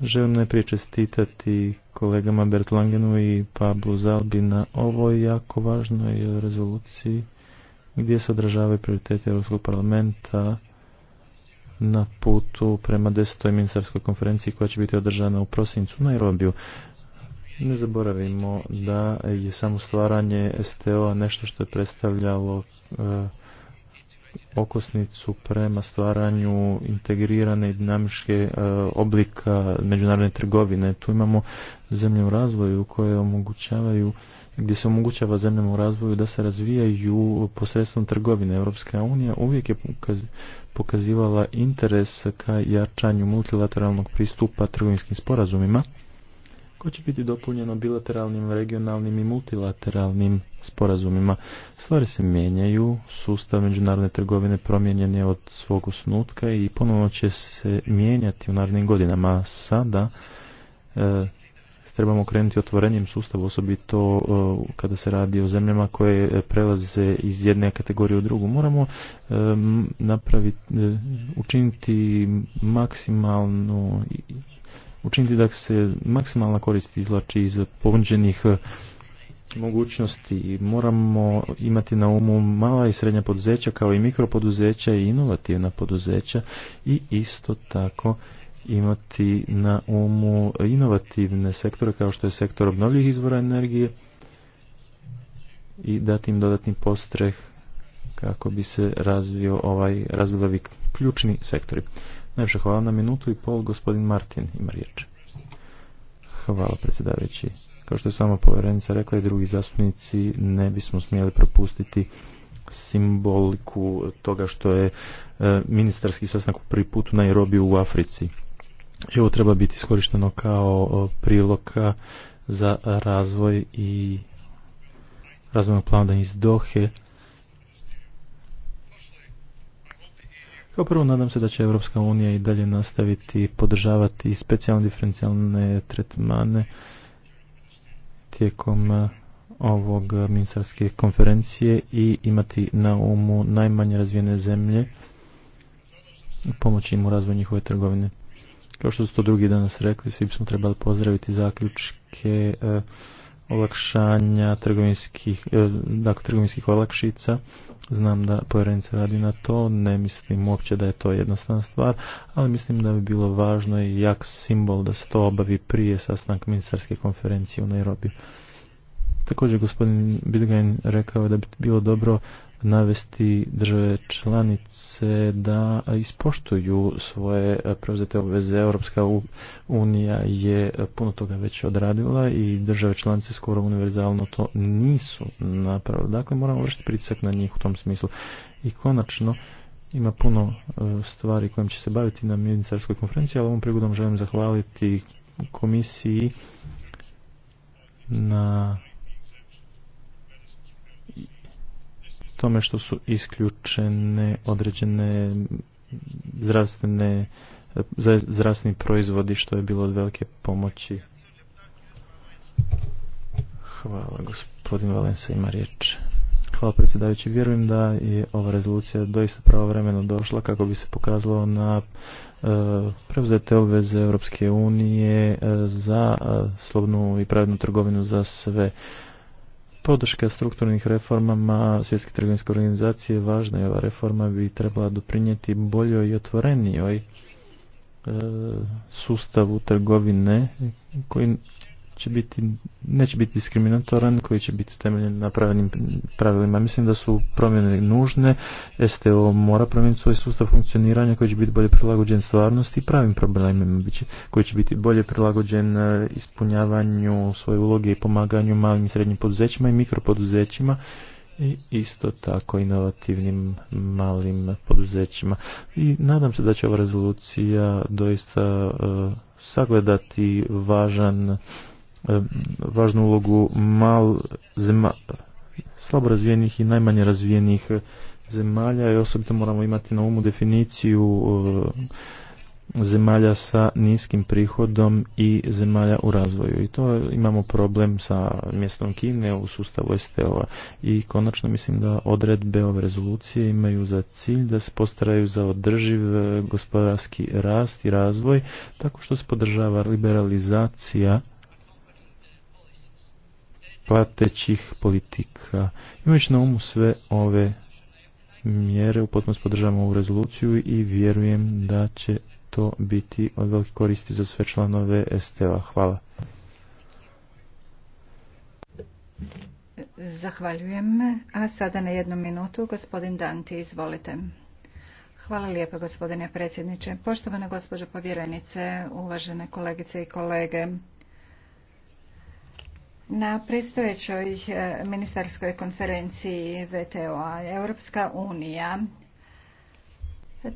Želim najprije čestitati kolegama Bertlangenu i Pablu Zalbi na ovoj jako važnoj rezoluciji gdje se održavaju prioriteti Europskog parlamenta na putu prema desetoj ministarskoj konferenciji koja će biti održana u prosincu na Nairobiju. Ne zaboravimo da je samo stvaranje STO-a nešto što je predstavljalo eh, okosnicu prema stvaranju integrirane i dinamičke eh, oblika međunarodne trgovine. Tu imamo zemlje u razvoju koje omogućavaju gdje se omogućava zemljama u razvoju da se razvijaju posredstvom trgovine. Europska unija uvijek je pokazivala interes ka jačanju multilateralnog pristupa trgovinskim sporazumima koji će biti dopunjeno bilateralnim, regionalnim i multilateralnim sporazumima. Stvari se mijenjaju, sustav međunarodne trgovine promijenjen je od svog osnutka i ponovno će se mijenjati u narednim godinama. Sada e, trebamo krenuti otvorenjem sustava, osobito e, kada se radi o zemljama koje e, prelaze iz jedne kategorije u drugu. Moramo e, napraviti, učiniti maksimalno učiniti da se maksimalna korist izlači iz ponuđenih mogućnosti. Moramo imati na umu mala i srednja poduzeća kao i mikropoduzeća i inovativna poduzeća i isto tako imati na umu inovativne sektore kao što je sektor obnovljivih izvora energije i dati im dodatni postreh kako bi se razvio ovaj razvili ključni sektori. Najviše hvala na minutu i pol, gospodin Martin ima riječ. Hvala predsjedavajući. Kao što je sama povjerenica rekla i drugi zastupnici, ne bismo smjeli propustiti simboliku toga što je e, ministarski sastanak prvi put u Nairobi u Africi i ovo treba biti iskorišteno kao priloka za razvoj i razvojnog plana iz Dohe. Kao prvo nadam se da će Europska unija i dalje nastaviti podržavati specijalne diferencijalne tretmane tijekom e, ovog ministarske konferencije i imati na umu najmanje razvijene zemlje pomoći im u razvoju njihove trgovine. Kao što su to drugi danas rekli, svi bismo trebali pozdraviti zaključke e, olakšanja trgovinskih, e, dakle, trgovinskih olakšica. Znam da povjerenica radi na to, ne mislim uopće da je to jednostavna stvar, ali mislim da bi bilo važno i jak simbol da se to obavi prije sastanka ministarske konferencije u Nairobi. Također gospodin Bidgain rekao da bi bilo dobro navesti države članice da ispoštuju svoje preuzete obveze. Europska unija je puno toga već odradila i države članice skoro univerzalno to nisu napravili. Dakle, moramo vršiti pritisak na njih u tom smislu. I konačno, ima puno e, stvari kojim će se baviti na ministarskoj konferenciji, ali ovom prigodom želim zahvaliti komisiji na tome što su isključene određene zdravstvene zdravstveni proizvodi što je bilo od velike pomoći. Hvala gospodin Valensa ima riječ. Hvala predsjedavajući. Vjerujem da je ova rezolucija doista pravovremeno došla kako bi se pokazalo na e, preuzete obveze Europske unije e, za e, slobnu i pravednu trgovinu za sve Podrška strukturnih reformama Svjetske trgovinske organizacije važna je, ova reforma bi trebala doprinijeti boljoj i otvorenijoj e, sustavu trgovine koji će biti, neće biti diskriminatoran, koji će biti temeljen na pravilnim pravilima. Mislim da su promjene nužne, STO mora promijeniti svoj sustav funkcioniranja koji će biti bolje prilagođen stvarnosti i pravim problemima koji će biti bolje prilagođen e, ispunjavanju svoje uloge i pomaganju malim i srednjim poduzećima i mikropoduzećima i isto tako inovativnim malim poduzećima. I nadam se da će ova rezolucija doista e, sagledati važan E, važnu ulogu mal, zema, slabo razvijenih i najmanje razvijenih zemalja i osobito moramo imati na umu definiciju e, zemalja sa niskim prihodom i zemalja u razvoju. I to imamo problem sa mjestom Kine u sustavu STO-a. I konačno mislim da odredbe ove rezolucije imaju za cilj da se postaraju za održiv e, gospodarski rast i razvoj tako što se podržava liberalizacija pratećih politika. Imajući na umu sve ove mjere, u potpunosti podržavamo ovu rezoluciju i vjerujem da će to biti od velike koristi za sve članove stv Hvala. Zahvaljujem. A sada na jednu minutu gospodin Danti, izvolite. Hvala lijepo, gospodine predsjedniče. Poštovana gospođo povjerenice, uvažene kolegice i kolege. Na predstojećoj eh, ministarskoj konferenciji VTO-a Europska unija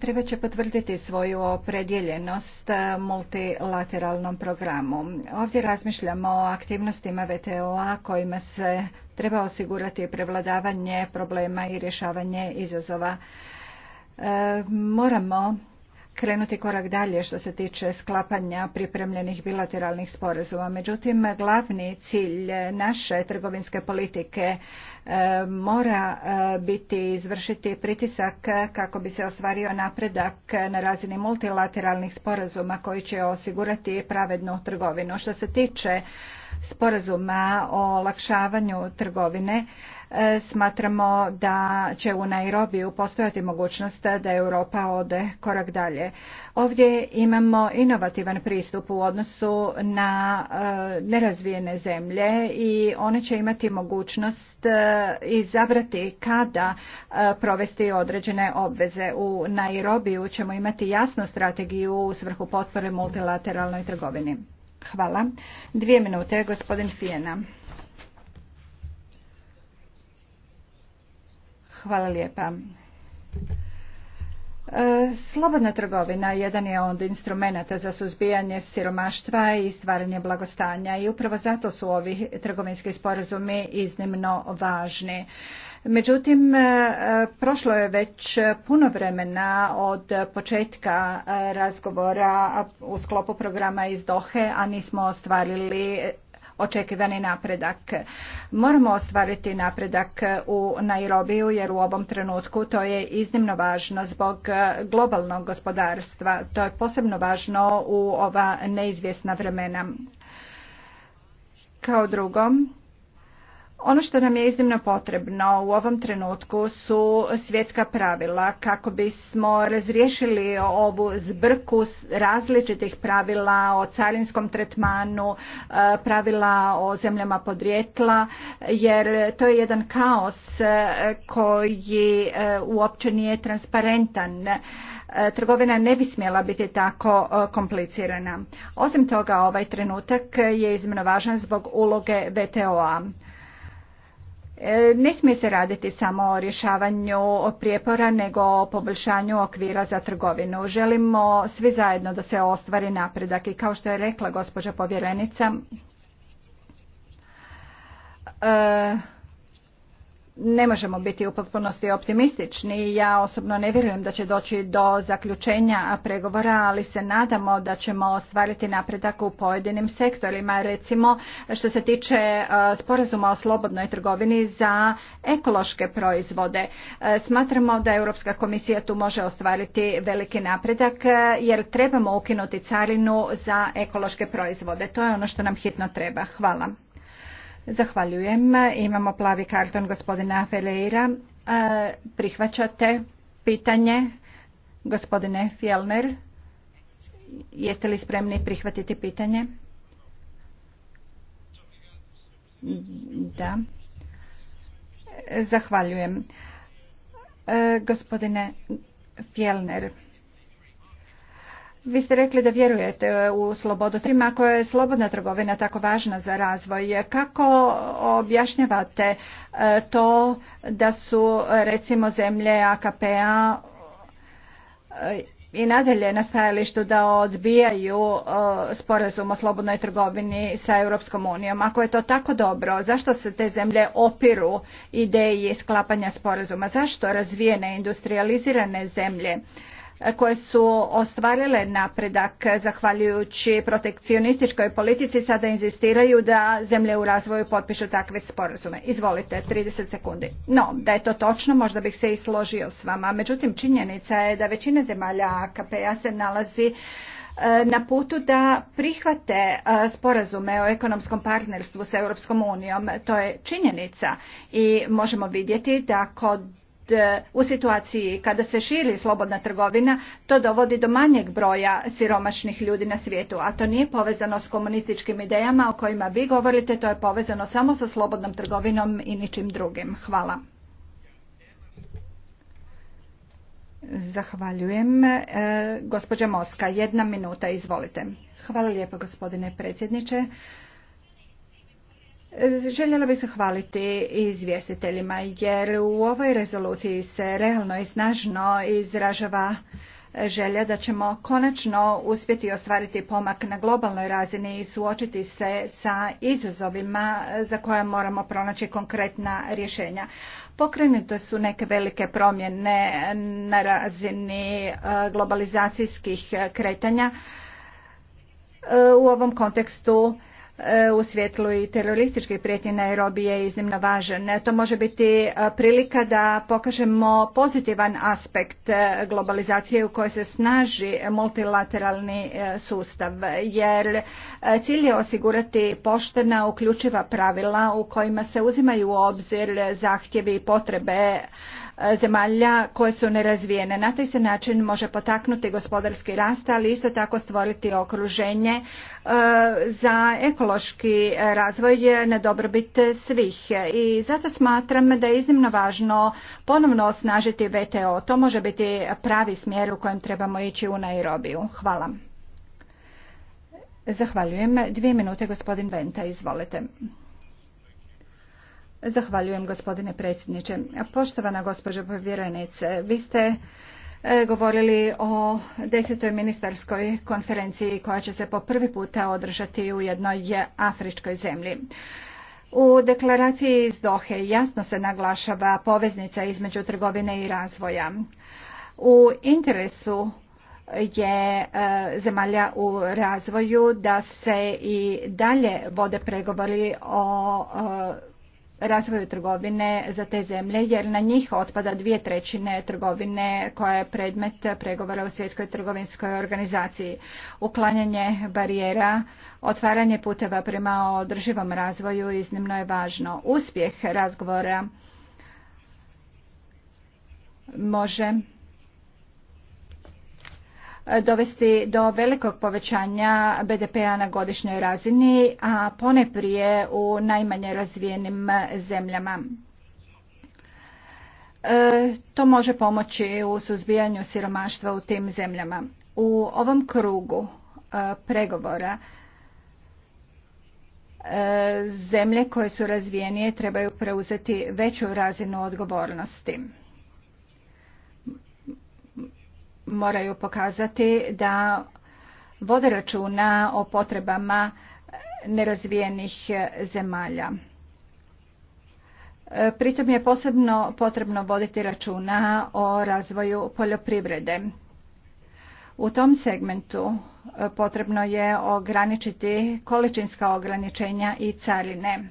treba će potvrditi svoju opredjeljenost eh, multilateralnom programu. Ovdje razmišljamo o aktivnostima VTO-a kojima se treba osigurati prevladavanje problema i rješavanje izazova. Eh, moramo krenuti korak dalje što se tiče sklapanja pripremljenih bilateralnih sporazuma. Međutim, glavni cilj naše trgovinske politike e, mora e, biti izvršiti pritisak kako bi se ostvario napredak na razini multilateralnih sporazuma koji će osigurati pravednu trgovinu. Što se tiče sporazuma o olakšavanju trgovine, E, smatramo da će u Nairobiju postojati mogućnost da Europa ode korak dalje. Ovdje imamo inovativan pristup u odnosu na e, nerazvijene zemlje i one će imati mogućnost e, izabrati kada provesti određene obveze. U Nairobiju ćemo imati jasnu strategiju u svrhu potpore multilateralnoj trgovini. Hvala. Dvije minute, gospodin Fijena. Hvala lijepa. E, slobodna trgovina jedan je od instrumenta za suzbijanje siromaštva i stvaranje blagostanja i upravo zato su ovi trgovinski sporazumi iznimno važni. Međutim, e, prošlo je već puno vremena od početka e, razgovora u sklopu programa iz Dohe, a nismo ostvarili očekivani napredak. Moramo ostvariti napredak u Nairobiju jer u ovom trenutku to je iznimno važno zbog globalnog gospodarstva. To je posebno važno u ova neizvjesna vremena. Kao drugom, ono što nam je iznimno potrebno u ovom trenutku su svjetska pravila kako bismo razriješili ovu zbrku različitih pravila o carinskom tretmanu, e, pravila o zemljama podrijetla, jer to je jedan kaos e, koji e, uopće nije transparentan trgovina ne bi smjela biti tako komplicirana. Osim toga, ovaj trenutak je iznimno važan zbog uloge VTO-a. E, ne smije se raditi samo o rješavanju prijepora, nego o poboljšanju okvira za trgovinu. Želimo svi zajedno da se ostvari napredak i kao što je rekla gospođa povjerenica, e, ne možemo biti u potpunosti optimistični. Ja osobno ne vjerujem da će doći do zaključenja pregovora, ali se nadamo da ćemo ostvariti napredak u pojedinim sektorima. Recimo, što se tiče e, sporazuma o slobodnoj trgovini za ekološke proizvode. E, smatramo da Europska komisija tu može ostvariti veliki napredak e, jer trebamo ukinuti carinu za ekološke proizvode. To je ono što nam hitno treba. Hvala. Zahvaljujem. Imamo plavi karton gospodina Ferreira. E, prihvaćate pitanje gospodine Fjellner? Jeste li spremni prihvatiti pitanje? Da. Zahvaljujem. E, gospodine Fjellner, vi ste rekli da vjerujete u slobodu trima. Ako je slobodna trgovina tako važna za razvoj, kako objašnjavate e, to da su recimo zemlje AKP-a e, i nadalje na stajalištu da odbijaju e, sporazum o slobodnoj trgovini sa Europskom unijom. Ako je to tako dobro, zašto se te zemlje opiru ideji sklapanja sporazuma? Zašto razvijene, industrializirane zemlje koje su ostvarile napredak zahvaljujući protekcionističkoj politici sada inzistiraju da zemlje u razvoju potpišu takve sporazume. Izvolite, 30 sekundi. No, da je to točno, možda bih se i složio s vama. Međutim, činjenica je da većina zemalja AKP-a se nalazi e, na putu da prihvate e, sporazume o ekonomskom partnerstvu s Europskom unijom. To je činjenica i možemo vidjeti da kod E, u situaciji kada se širi slobodna trgovina, to dovodi do manjeg broja siromašnih ljudi na svijetu, a to nije povezano s komunističkim idejama o kojima vi govorite, to je povezano samo sa slobodnom trgovinom i ničim drugim. Hvala. Zahvaljujem. E, Moska, jedna minuta, izvolite. Hvala lijepo gospodine predsjedniče. Željela bih zahvaliti izvjestiteljima jer u ovoj rezoluciji se realno i snažno izražava želja da ćemo konačno uspjeti ostvariti pomak na globalnoj razini i suočiti se sa izazovima za koje moramo pronaći konkretna rješenja. Pokrenute su neke velike promjene na razini e, globalizacijskih kretanja. E, u ovom kontekstu E, u svjetlu i terorističkih na Nairobi je iznimno važan. E, to može biti e, prilika da pokažemo pozitivan aspekt globalizacije u kojoj se snaži multilateralni sustav, jer cilj je osigurati poštena, uključiva pravila u kojima se uzimaju u obzir zahtjevi i potrebe zemalja koje su nerazvijene. Na taj se način može potaknuti gospodarski rast, ali isto tako stvoriti okruženje za ekologiju ekološki razvoj na dobrobit svih i zato smatram da je iznimno važno ponovno osnažiti VTO. To može biti pravi smjer u kojem trebamo ići u Nairobiju. Hvala. Zahvaljujem. Dvije minute, gospodin Venta, izvolite. Zahvaljujem, gospodine predsjedniče. Poštovana gospođo povjerenice, vi ste E, govorili o desetoj ministarskoj konferenciji koja će se po prvi puta održati u jednoj afričkoj zemlji. U deklaraciji iz Dohe jasno se naglašava poveznica između trgovine i razvoja. U interesu je e, zemalja u razvoju da se i dalje vode pregovori o e, razvoju trgovine za te zemlje jer na njih otpada dvije trećine trgovine koja je predmet pregovora u svjetskoj trgovinskoj organizaciji. Uklanjanje barijera, otvaranje puteva prema održivom razvoju iznimno je važno. Uspjeh razgovora može dovesti do velikog povećanja BDP-a na godišnjoj razini, a pone prije u najmanje razvijenim zemljama. E, to može pomoći u suzbijanju siromaštva u tim zemljama. U ovom krugu e, pregovora e, zemlje koje su razvijenije trebaju preuzeti veću razinu odgovornosti moraju pokazati da vode računa o potrebama nerazvijenih zemalja. E, pritom je posebno potrebno voditi računa o razvoju poljoprivrede. U tom segmentu e, potrebno je ograničiti količinska ograničenja i carine.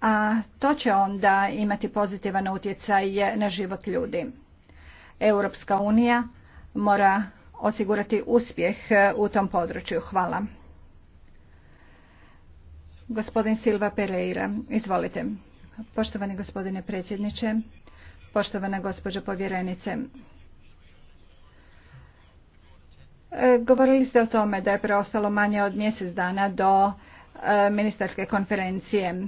A to će onda imati pozitivan utjecaj na život ljudi. Europska unija mora osigurati uspjeh e, u tom području. Hvala. Gospodin Silva Pereira, izvolite. Poštovani gospodine predsjedniče, poštovana gospođo povjerenice, e, Govorili ste o tome da je preostalo manje od mjesec dana do e, ministarske konferencije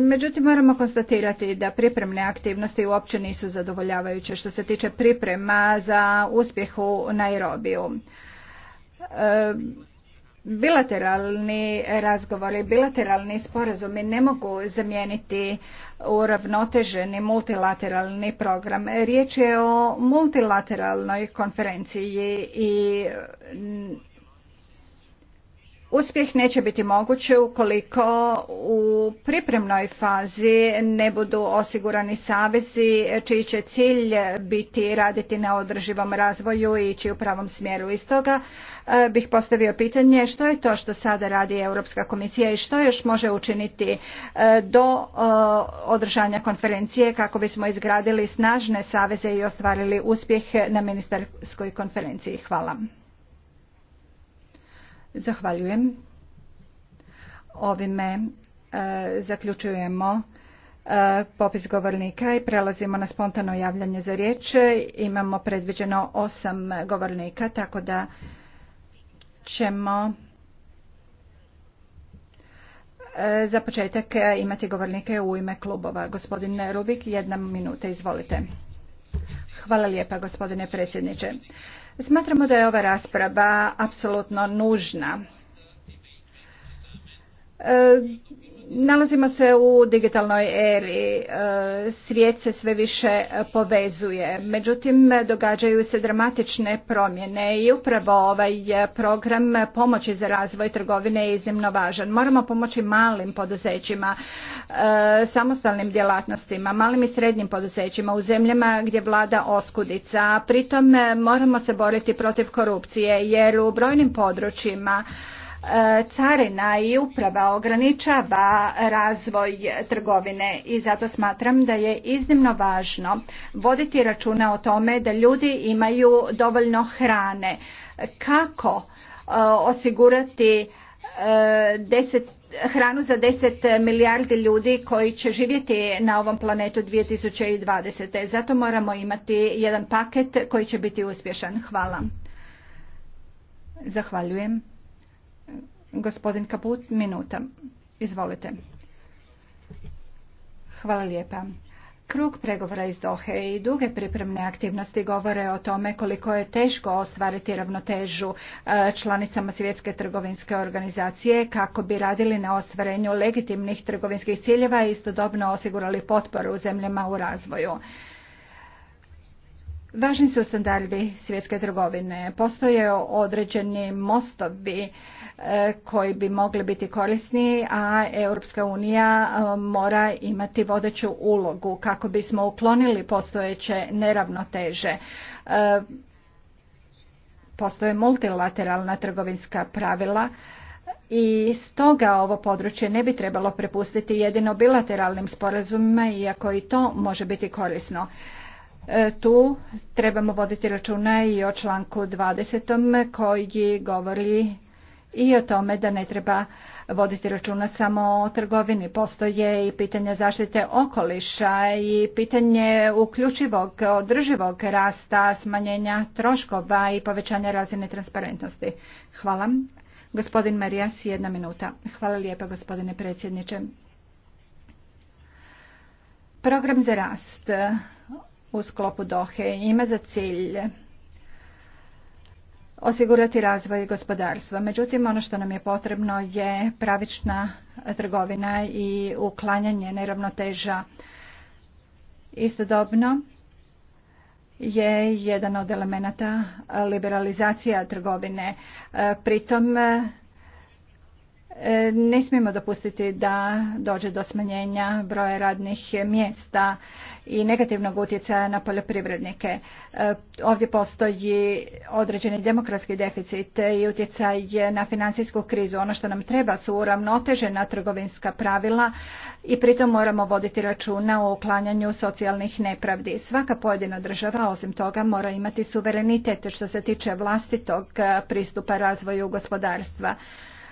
Međutim, moramo konstatirati da pripremne aktivnosti uopće nisu zadovoljavajuće što se tiče priprema za uspjeh u Nairobiju. E, bilateralni razgovori, bilateralni sporazumi ne mogu zamijeniti uravnoteženi multilateralni program. Riječ je o multilateralnoj konferenciji i Uspjeh neće biti moguće ukoliko u pripremnoj fazi ne budu osigurani savezi čiji će cilj biti raditi na održivom razvoju i ići u pravom smjeru. Iz toga e, bih postavio pitanje što je to što sada radi Europska komisija i što još može učiniti e, do e, održanja konferencije kako bismo izgradili snažne saveze i ostvarili uspjeh na ministarskoj konferenciji. Hvala. Zahvaljujem. Ovime e, zaključujemo e, popis govornika i prelazimo na spontano javljanje za riječ. Imamo predviđeno osam govornika, tako da ćemo e, za početak imati govornike u ime klubova. Gospodin Rubik, jedna minuta, izvolite. Hvala lijepa, gospodine predsjedniče. Smatramo da je ova rasprava apsolutno nužna. E, Nalazimo se u digitalnoj eri, e, svijet se sve više povezuje, međutim događaju se dramatične promjene i upravo ovaj program pomoći za razvoj trgovine je iznimno važan. Moramo pomoći malim poduzećima, e, samostalnim djelatnostima, malim i srednjim poduzećima u zemljama gdje vlada oskudica, a pritom moramo se boriti protiv korupcije jer u brojnim područjima carina i uprava ograničava razvoj trgovine i zato smatram da je iznimno važno voditi računa o tome da ljudi imaju dovoljno hrane. Kako e, osigurati e, hranu za 10 milijardi ljudi koji će živjeti na ovom planetu 2020. Zato moramo imati jedan paket koji će biti uspješan. Hvala. Zahvaljujem. Gospodin Kaput, minuta. Izvolite. Hvala lijepa. Krug pregovora iz Dohe i duge pripremne aktivnosti govore o tome koliko je teško ostvariti ravnotežu e, članicama Svjetske trgovinske organizacije kako bi radili na ostvarenju legitimnih trgovinskih ciljeva i istodobno osigurali potporu zemljama u razvoju. Važni su standardi svjetske trgovine. Postoje određeni mostovi e, koji bi mogli biti korisni, a Europska unija e, mora imati vodeću ulogu kako bismo uklonili postojeće neravnoteže. E, postoje multilateralna trgovinska pravila i stoga ovo područje ne bi trebalo prepustiti jedino bilateralnim sporazumima, iako i to može biti korisno. E, tu trebamo voditi računa i o članku 20. koji govori i o tome da ne treba voditi računa samo o trgovini. Postoje i pitanje zaštite okoliša i pitanje uključivog, održivog rasta, smanjenja troškova i povećanja razine transparentnosti. Hvala. Gospodin Marijas, jedna minuta. Hvala lijepa gospodine predsjedniče. Program za rast u sklopu Dohe ima za cilj osigurati razvoj gospodarstva. Međutim, ono što nam je potrebno je pravična trgovina i uklanjanje neravnoteža. Istodobno je jedan od elemenata liberalizacija trgovine. Pritom E, ne smijemo dopustiti da dođe do smanjenja broja radnih mjesta i negativnog utjecaja na poljoprivrednike. E, ovdje postoji određeni demokratski deficit i utjecaj na financijsku krizu. Ono što nam treba su uravnotežena trgovinska pravila i pritom moramo voditi računa o uklanjanju socijalnih nepravdi. Svaka pojedina država osim toga mora imati suverenitet što se tiče vlastitog pristupa razvoju gospodarstva.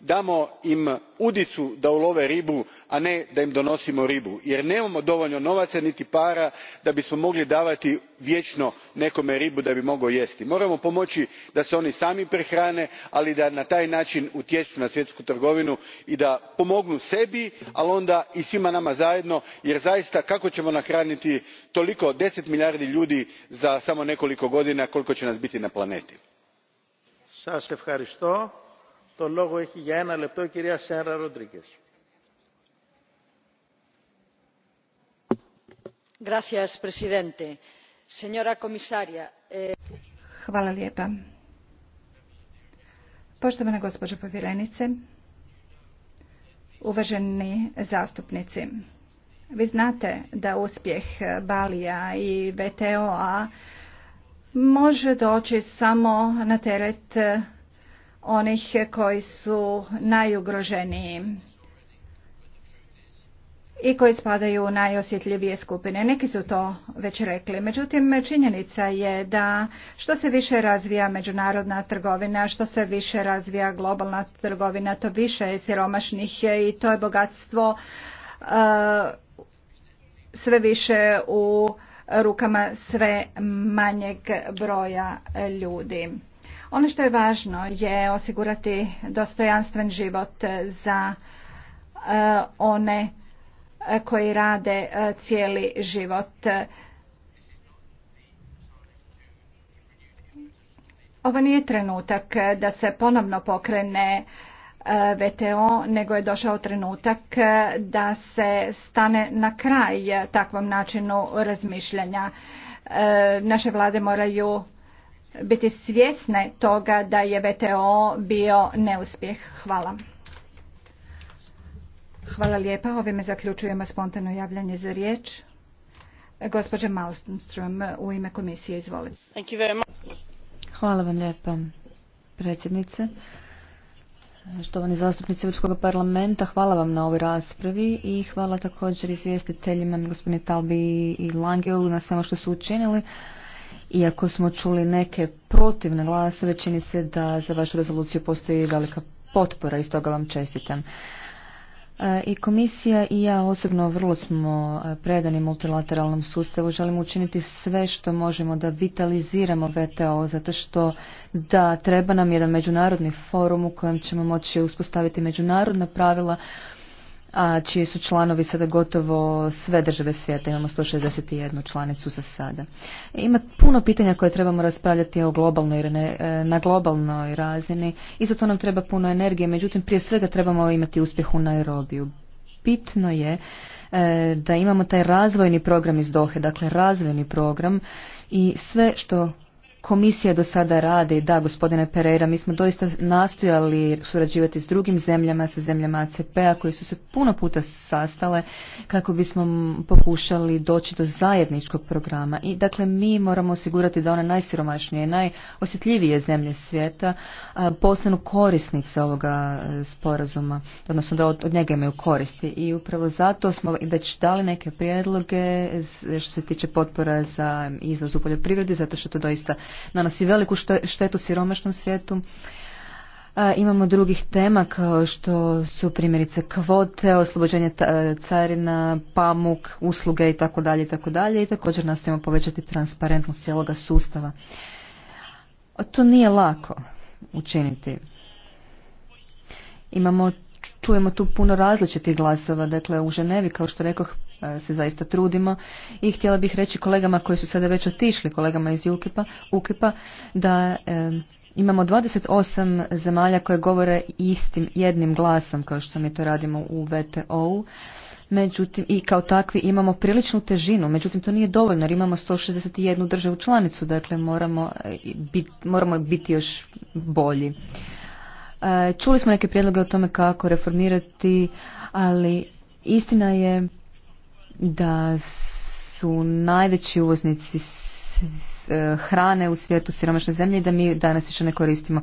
damo im udicu da ulove ribu a ne da im donosimo ribu jer nemamo dovoljno novaca niti para da bismo mogli davati vječno nekome ribu da bi mogao jesti. moramo pomoći da se oni sami prehrane ali da na taj način utječu na svjetsku trgovinu i da pomognu sebi ali onda i svima nama zajedno jer zaista kako ćemo nahraniti toliko deset milijardi ljudi za samo nekoliko godina koliko će nas biti na planeti? To logo presidente. Señora comisaria. Eh, Hvala lijepa. Poštovana gospođo povjerenice, uvaženi zastupnici, vi znate da uspjeh Balija i wto a može doći samo na teret onih koji su najugroženiji i koji spadaju u najosjetljivije skupine. Neki su to već rekli. Međutim, činjenica je da što se više razvija međunarodna trgovina, što se više razvija globalna trgovina, to više je siromašnih i to je bogatstvo eh, sve više u rukama sve manjeg broja ljudi. Ono što je važno je osigurati dostojanstven život za e, one e, koji rade e, cijeli život. Ovo nije trenutak da se ponovno pokrene VTO, nego je došao trenutak da se stane na kraj takvom načinu razmišljanja. Naše vlade moraju biti svjesne toga da je VTO bio neuspjeh. Hvala. Hvala lijepa. Ovime zaključujemo spontano javljanje za riječ. Gospođa Malmström u ime komisije, izvolite. Hvala vam lijepa, predsjednice. Štovani zastupnici Europskog parlamenta, hvala vam na ovoj raspravi i hvala također izvjestiteljima gospodine Talbi i Langeu na svemu što su učinili. Iako smo čuli neke protivne glasove, čini se da za vašu rezoluciju postoji velika potpora i stoga vam čestitam. E, I komisija i ja osobno vrlo smo e, predani multilateralnom sustavu. Želimo učiniti sve što možemo da vitaliziramo VTO, zato što da treba nam jedan međunarodni forum u kojem ćemo moći uspostaviti međunarodna pravila a čiji su članovi sada gotovo sve države svijeta, imamo 161 članicu za sada. Ima puno pitanja koje trebamo raspravljati o globalnoj, e, na globalnoj razini i za to nam treba puno energije, međutim prije svega trebamo imati uspjeh u Nairobiju. Bitno je e, da imamo taj razvojni program iz Dohe, dakle razvojni program i sve što komisija do sada radi, da gospodine Pereira, mi smo doista nastojali surađivati s drugim zemljama, sa zemljama ACP-a koji su se puno puta sastale kako bismo pokušali doći do zajedničkog programa. I dakle mi moramo osigurati da one najsiromašnije, najosjetljivije zemlje svijeta postanu korisnice ovoga e, sporazuma, odnosno da od, njega imaju koristi. I upravo zato smo već dali neke prijedloge što se tiče potpora za izvoz u poljoprivredi, zato što to doista nanosi veliku štetu siromašnom svijetu. Imamo drugih tema kao što su primjerice kvote, oslobođenje carina, pamuk, usluge i tako dalje i tako također nastojimo povećati transparentnost cijeloga sustava. To nije lako učiniti. Imamo, čujemo tu puno različitih glasova, dakle u Ženevi kao što rekoh E, se zaista trudimo i htjela bih reći kolegama koji su sada već otišli, kolegama iz UKIP-a, da e, imamo 28 zemalja koje govore istim jednim glasom kao što mi to radimo u VTO-u. Međutim, i kao takvi imamo priličnu težinu, međutim to nije dovoljno jer imamo 161 državu članicu, dakle moramo, e, bit, moramo biti još bolji. E, čuli smo neke prijedloge o tome kako reformirati, ali istina je da su najveći uvoznici e, hrane u svijetu siromašne zemlje i da mi danas više ne koristimo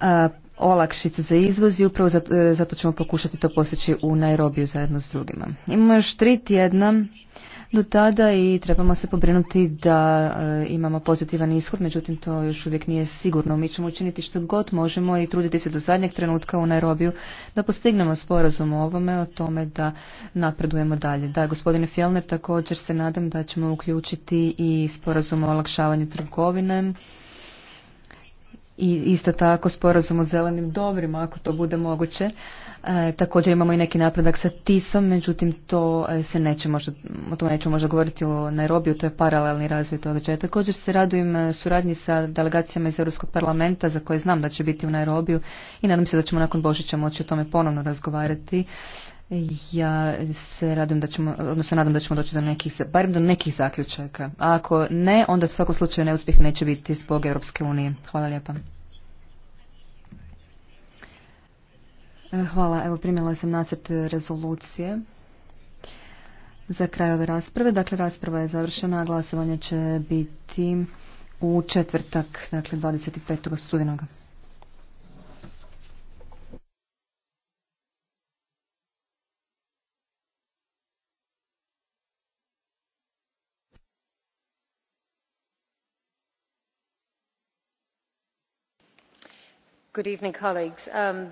e, olakšice za izvoz i upravo e, zato ćemo pokušati to postići u Nairobiju zajedno s drugima. Imamo još tri tjedna do tada i trebamo se pobrinuti da e, imamo pozitivan ishod, međutim to još uvijek nije sigurno. Mi ćemo učiniti što god možemo i truditi se do zadnjeg trenutka u Nairobiju da postignemo sporazum o ovome, o tome da napredujemo dalje. Da, gospodine Fjellner, također se nadam da ćemo uključiti i sporazum o olakšavanju trgovine i isto tako sporazum o zelenim dobrima ako to bude moguće. E, također imamo i neki napredak sa TIS-om, međutim to e, se neće možda, o tome neću možda govoriti o Nairobiju, to je paralelni razvoj događaja. Također se radujem e, suradnji sa delegacijama iz Europskog parlamenta za koje znam da će biti u Nairobiju i nadam se da ćemo nakon Božića moći o tome ponovno razgovarati. E, ja se radim da ćemo, odnosno nadam da ćemo doći do nekih, barem do nekih zaključaka. A ako ne, onda u svakom slučaju neuspjeh neće biti zbog Europske unije. Hvala lijepa. E, hvala. Evo primjela sam nacrt rezolucije za kraj ove rasprave. Dakle, rasprava je završena, glasovanje će biti u četvrtak, dakle 25. studenoga. Good evening, colleagues. Um...